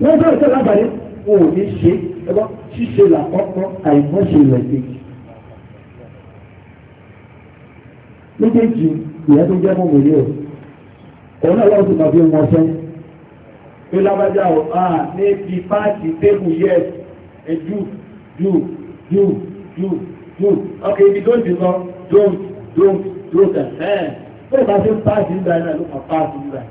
wọ́n bẹ̀rẹ̀ lábàáyé wọn ò ní ṣe ẹgbọ́n ṣíṣe làkọ́kọ́ àìmọ́ṣe lẹ́gbẹ̀ẹ́ méjèèjì ìyẹn tó jẹ́ mọ́mọ́ ilé o òun náà lọ́wọ́ tó máa fi mọ ọṣẹ́ pé lábájá o à níbi páàkì tébù yẹ ẹ jù jù jù jù jù ọkẹ ibi tó ń ti sọ don't don't don't ẹ ẹ bó o bá fi páàkì ń da ẹ náà ló kàn páàkì ń da ẹ.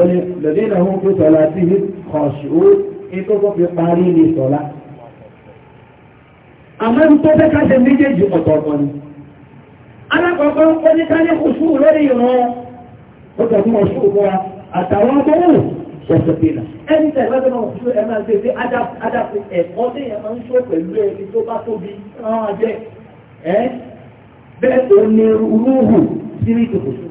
oní lòdì náà ń pè sọ̀lá sí ní kọ̀ṣù ikú kó fi parí ní sọ̀lá. àmọ́ ní tó fẹ́ ká ṣe méjèèjì ọ̀tọ̀ọ̀tọ̀ ni. alákọ̀ọ́kọ́ ó ní ká ní kùsù lórí ìran ó tọ̀ fún ọ̀ṣù mọ́ra àtàwọn ọgbọ́n ṣẹ̀ṣẹ̀ pèlà. ẹni tẹ̀ lọ́dọ̀ náà fún ẹ máa ṣe pé adáfi ẹ̀kọ́ téèyàn máa ń ṣó pẹ̀lú ẹni tó bá tóbi rán ajẹ́ bẹ́ẹ̀ ò ní rúhù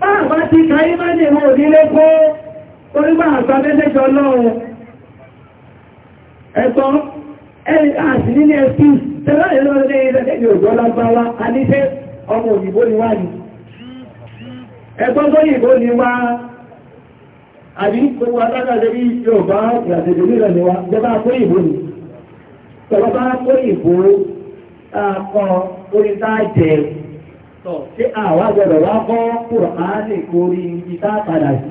Báàbá ti ka ìmájì mú òdílé kó orígbà àgbà méjèjọ lọ́wọ́. Ẹ̀tọ́, ẹni àti nílé ẹ̀sí, tẹ́lá ìlọ́rẹ́ ìrẹ́lẹ́bì òjò lágbàwá, a ní ṣe ni wá ní. Ẹ̀tọ́ tó yìnbó ni wá, àbí gbogbo alágbàdé bí yóò bá ìràdèdè nílẹ̀ ni wá, jẹba kó ìbò ni. Tọ́lọ́bá kó ìbò, àkọ́ orí táà tí àwa gbọ́dọ̀ wá kọ́ kùránì kórí ibi tá padà sí.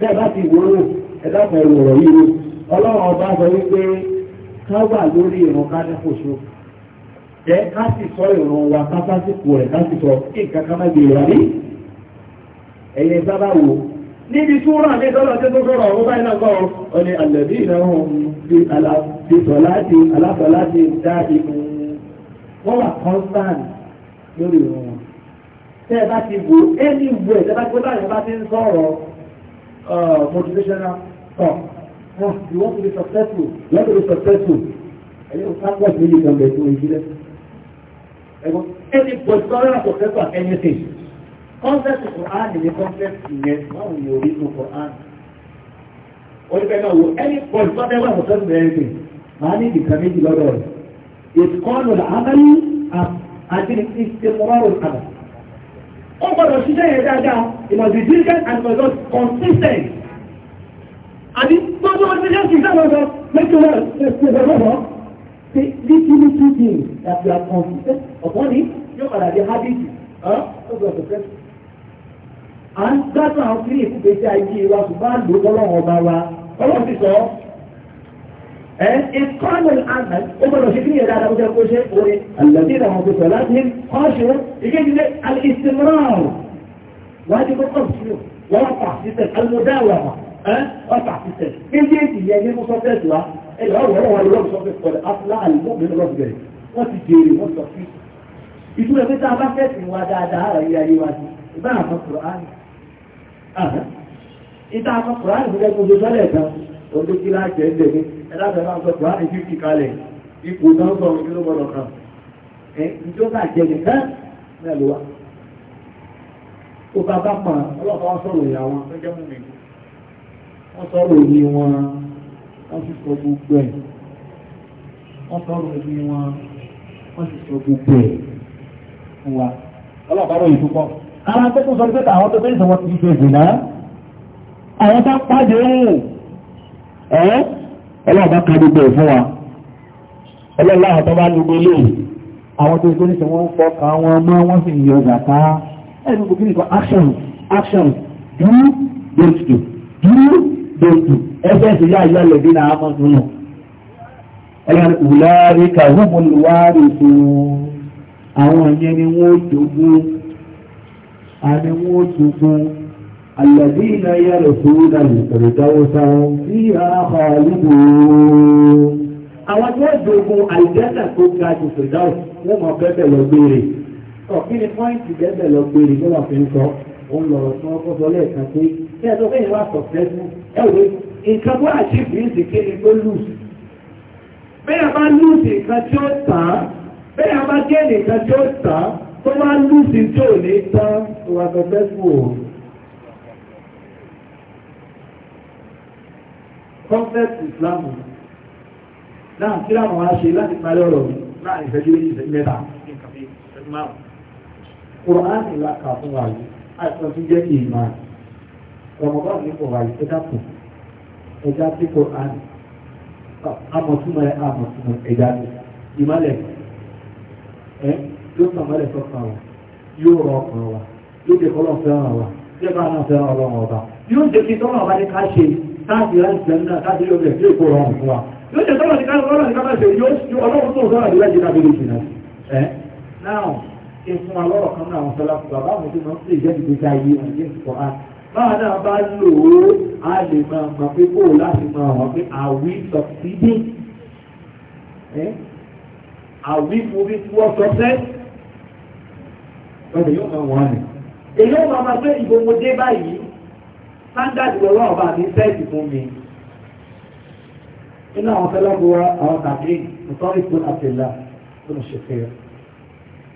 Bẹ́ẹ̀ bá ti wúrò ẹ̀dọ́kọ̀ ìwòrò yìí ọlọ́run ọba sọ wípé ká wà lórí ìrun ká ní kò so. Jẹ́ ká sì sọ ìrun wa ká sásìkò rẹ̀ ká sì sọ kí nǹkan ká má gbé ìrà rí. Ẹ̀yẹ sábà wò. Níbi tí wúrà ní ìdọ́lọ́ tí tó sọ̀rọ̀ ọ̀rọ̀ báyìí náà kọ́ ọ ni àlẹ́bí ìnáwó ń fi àlàfọ̀láti àlàfọ̀láti dá ìmú wọ́n wà constant lórí ìrun wọn. tẹ́ ẹ bá ti wo ẹni ìwé ẹ̀ tẹ́bá gbọ́dọ̀ àyẹ̀bá ti ń sọ̀rọ̀ uh, motivational talk. Oh, you want to be successful. You want to be successful. Ẹ̀yin ò sábà sí ilé ìjọba ètò ìjìnlẹ̀. Ẹ̀gbọ́n ẹni bọ̀ sọ́rọ̀ àpòfẹ́fà anything. Concept Quran ni concept ìyẹn báwo ni orí nu Quran. Onífẹ́ náà wo ẹni bọ̀ sọ́rọ̀ àpòfẹ́fà anything. Màá ní ìkànnì jù lọ́dọ̀ rẹ̀ ìtìkọ́nù àmàlí àti ìtìkọ́rọ̀ àmà. ó gbọ́dọ̀ ṣiṣẹ́ yẹn dáadáa ìmọ̀sí diligent and result consistent. àbí gbọ́dọ̀ ṣiṣẹ́ ṣiṣẹ́ lọ́dọ̀ make sure ṣe ṣe lọ́dọ̀ ṣe ní kí ní two things that you are consistent upon it yóò padà di habit ó gbọ́dọ̀ ṣe à ń gbádùn àwọn kiri ìkúpèsè àìjí wa ṣùgbọ́n àlùkò ọlọ́run ọba wa ọlọ́run ti all? إتقان العمل أمر شكري إذا لم تكن شيء الذين هم بصلاتهم خاشعون يجب الاستمرار واجب القصد وقع في المداومة وقع في السلم من جهة يعني المصدات لا الأول هو اللي هو مصدات قال أطلع المؤمن الرب جاي وتجيري مصدفي يقول لك أنت ما فاتن ودادها يا يوادي ما في القرآن أها إذا في القرآن هو المجزلات وبالتلاجة اللي ẹ̀lábẹ̀ máa sọ kùránì fífì kalẹ̀ ipò tán sọ ní kíló gbọdọ̀ kan ẹ̀ ìjọba àjẹjẹ kan náà ló wà tó bá bá pa ọlọ́pàá sọ̀rọ̀ ìyá wọn tó jẹ́ mú mi wọ́n sọ̀rọ̀ òní wọn wọ́n sì sọ gbogbo ẹ̀ wọ́n sọ̀rọ̀ òní wọn wọ́n sì sọ gbogbo ẹ̀ fún wa ọlọ́pàá ròyìn tó pọ̀ ara tó tún sọ ọlọ́run bá ka gbogbo ẹ̀ fún wa ọlọ́run láwọn tó bá lógo lé àwọn tó tó níṣẹ́ wọ́n ń fọkà wọn mọ́ wọ́n sì yọ zàká ẹni gbogbo nìkan action action do don't do do don't do ẹgbẹ́ ìṣe yá ìyá lẹ́bí náà mọ́ tó lọ. ọlọ́run ìwúlárí kàwé mo lè wá rè fún àwọn ìyẹn ni wọ́n jogún àni wọ́n jogún. الذين يرثون الفردوس هم فيها خالدون àwọn tí wọ́n jogun àìjẹ́sà tó ga jù fìdáwò wọ́n mọ̀ bẹ́bẹ̀ lọ gbére ọ̀kíni pọ́ìntì bẹ́bẹ̀ lọ gbére ló wà fi ń sọ òun lọ̀rọ̀ tí wọ́n lẹ́ẹ̀kan pé kí ẹ tó fẹ́ ìwà sọ̀fẹ́sì nǹkan bó àṣìbì ń sì tó lùsì kọ́ńtẹ́ẹ̀tì ìsìláàmù náà kí láwọn wá ṣe láti parí ọ̀rọ̀ láàrin ìfẹ́jú méjì mẹ́ta Quran ìlà kà fún wa yìí àìsàn tó jẹ́ kí ìmọ̀ Ramadan ní kò wáyé ẹja kù ẹja tí Quran amọ̀túmọ̀ ẹ̀ amọ̀túmọ̀ ẹja ni ìmọ̀lẹ̀ ẹ̀ yóò sàmọ́lẹ̀ sọ́kàn wa yóò rọ ọkàn wa yóò jẹ́ kọ́lọ́ fẹ́ràn wa yóò bá náà fẹ́ràn ọlọ́run ọba yóò jẹ́ kí tọ́lọ́ káàkiri àìsàn káàkiri ọmọ ẹ̀kí èkó rọrùn fún wa yóò jẹ́ tọ́lọ̀ ní káàkiri ní káàkiri yóò sí ọlọ́run tó sọ́rọ̀ níwájú káàkiri ìṣìnà ẹ́ náà kí fún wa lọ́rọ̀ kan náà sọ́lá bàbá mi tí wọ́n sì jẹ́ ìgbésí ayé wọn ní ìfọ̀ á báwa náà bá lò ó a lè máa mọ̀ pé kó o láti máa wọ̀ pé àwí sọ̀tìdì báyìí standard lọ́wọ́ ọba mi sẹ́ẹ̀tì fún mi nínú àwọn fẹ́lẹ́gbọ́wọ́ àwọn tàbí ìtọ́rí fún àtẹ̀lá tó ń ṣe fẹ́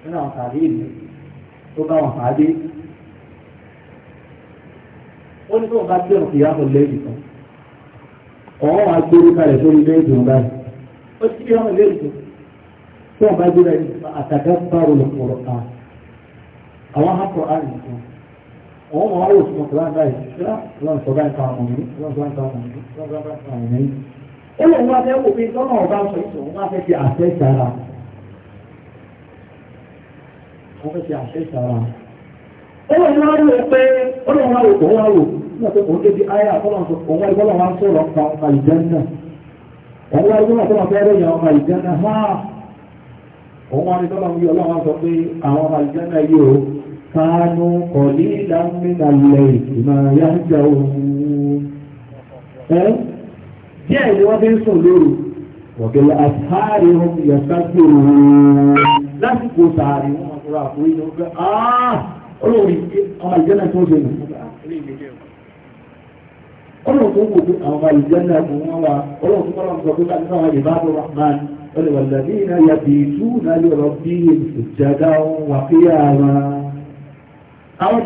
nínú àwọn tàbí ìlú tó bá wọn pàdé ó ní kí wọn bá gbé ọ̀kì ìyá ọ̀lẹ́ yìí kan ọ̀hún wa gbé orí kalẹ̀ sórí ilé báyìí ó ti wọn lé wọn bá gbé bá àwọn akọ̀ àrùn kan. àwọn ọmọ aráàlú fún ọkùnrin báyìí lọ́n sọ báyìí kan ọmọ yìí lọ́n sọ báyìí kan ọmọ yìí lọ́n sọ báyìí kan ọmọ yìí. ó lè wá fẹ́ wò pé tọ́nà ọba sọ ìṣòro wọn fẹ́ fi àṣẹ ìṣara wọn fẹ́ fi àṣẹ ìṣara. ó lè wá rí o pé ó lè wá wò kó wá wò nígbà tó kò ń débi ayé àtọ́nà sọ òun wá ìbọ́lọ̀ wá ń sọ̀rọ̀ pa ọmọ ìjẹ́ náà òun wá ìbọ́lọ̀ tó wà fẹ́ rẹ̀ yàn ọmọ ìjẹ́ náà كانوا قليلا من الليل ما يهجعون díẹ̀ ni wọ́n fi ń sùn lóru ọ̀gẹ̀lẹ̀ àtàrí ohun ìyàsájòrò lásìkò sàárì wọn àkúrà àkúrí ní ọgbẹ́ olóòrí ọmọ ìjẹ́nà tó ṣe nù ọlọ́run tó wò pé àwọn ọmọ náà 好。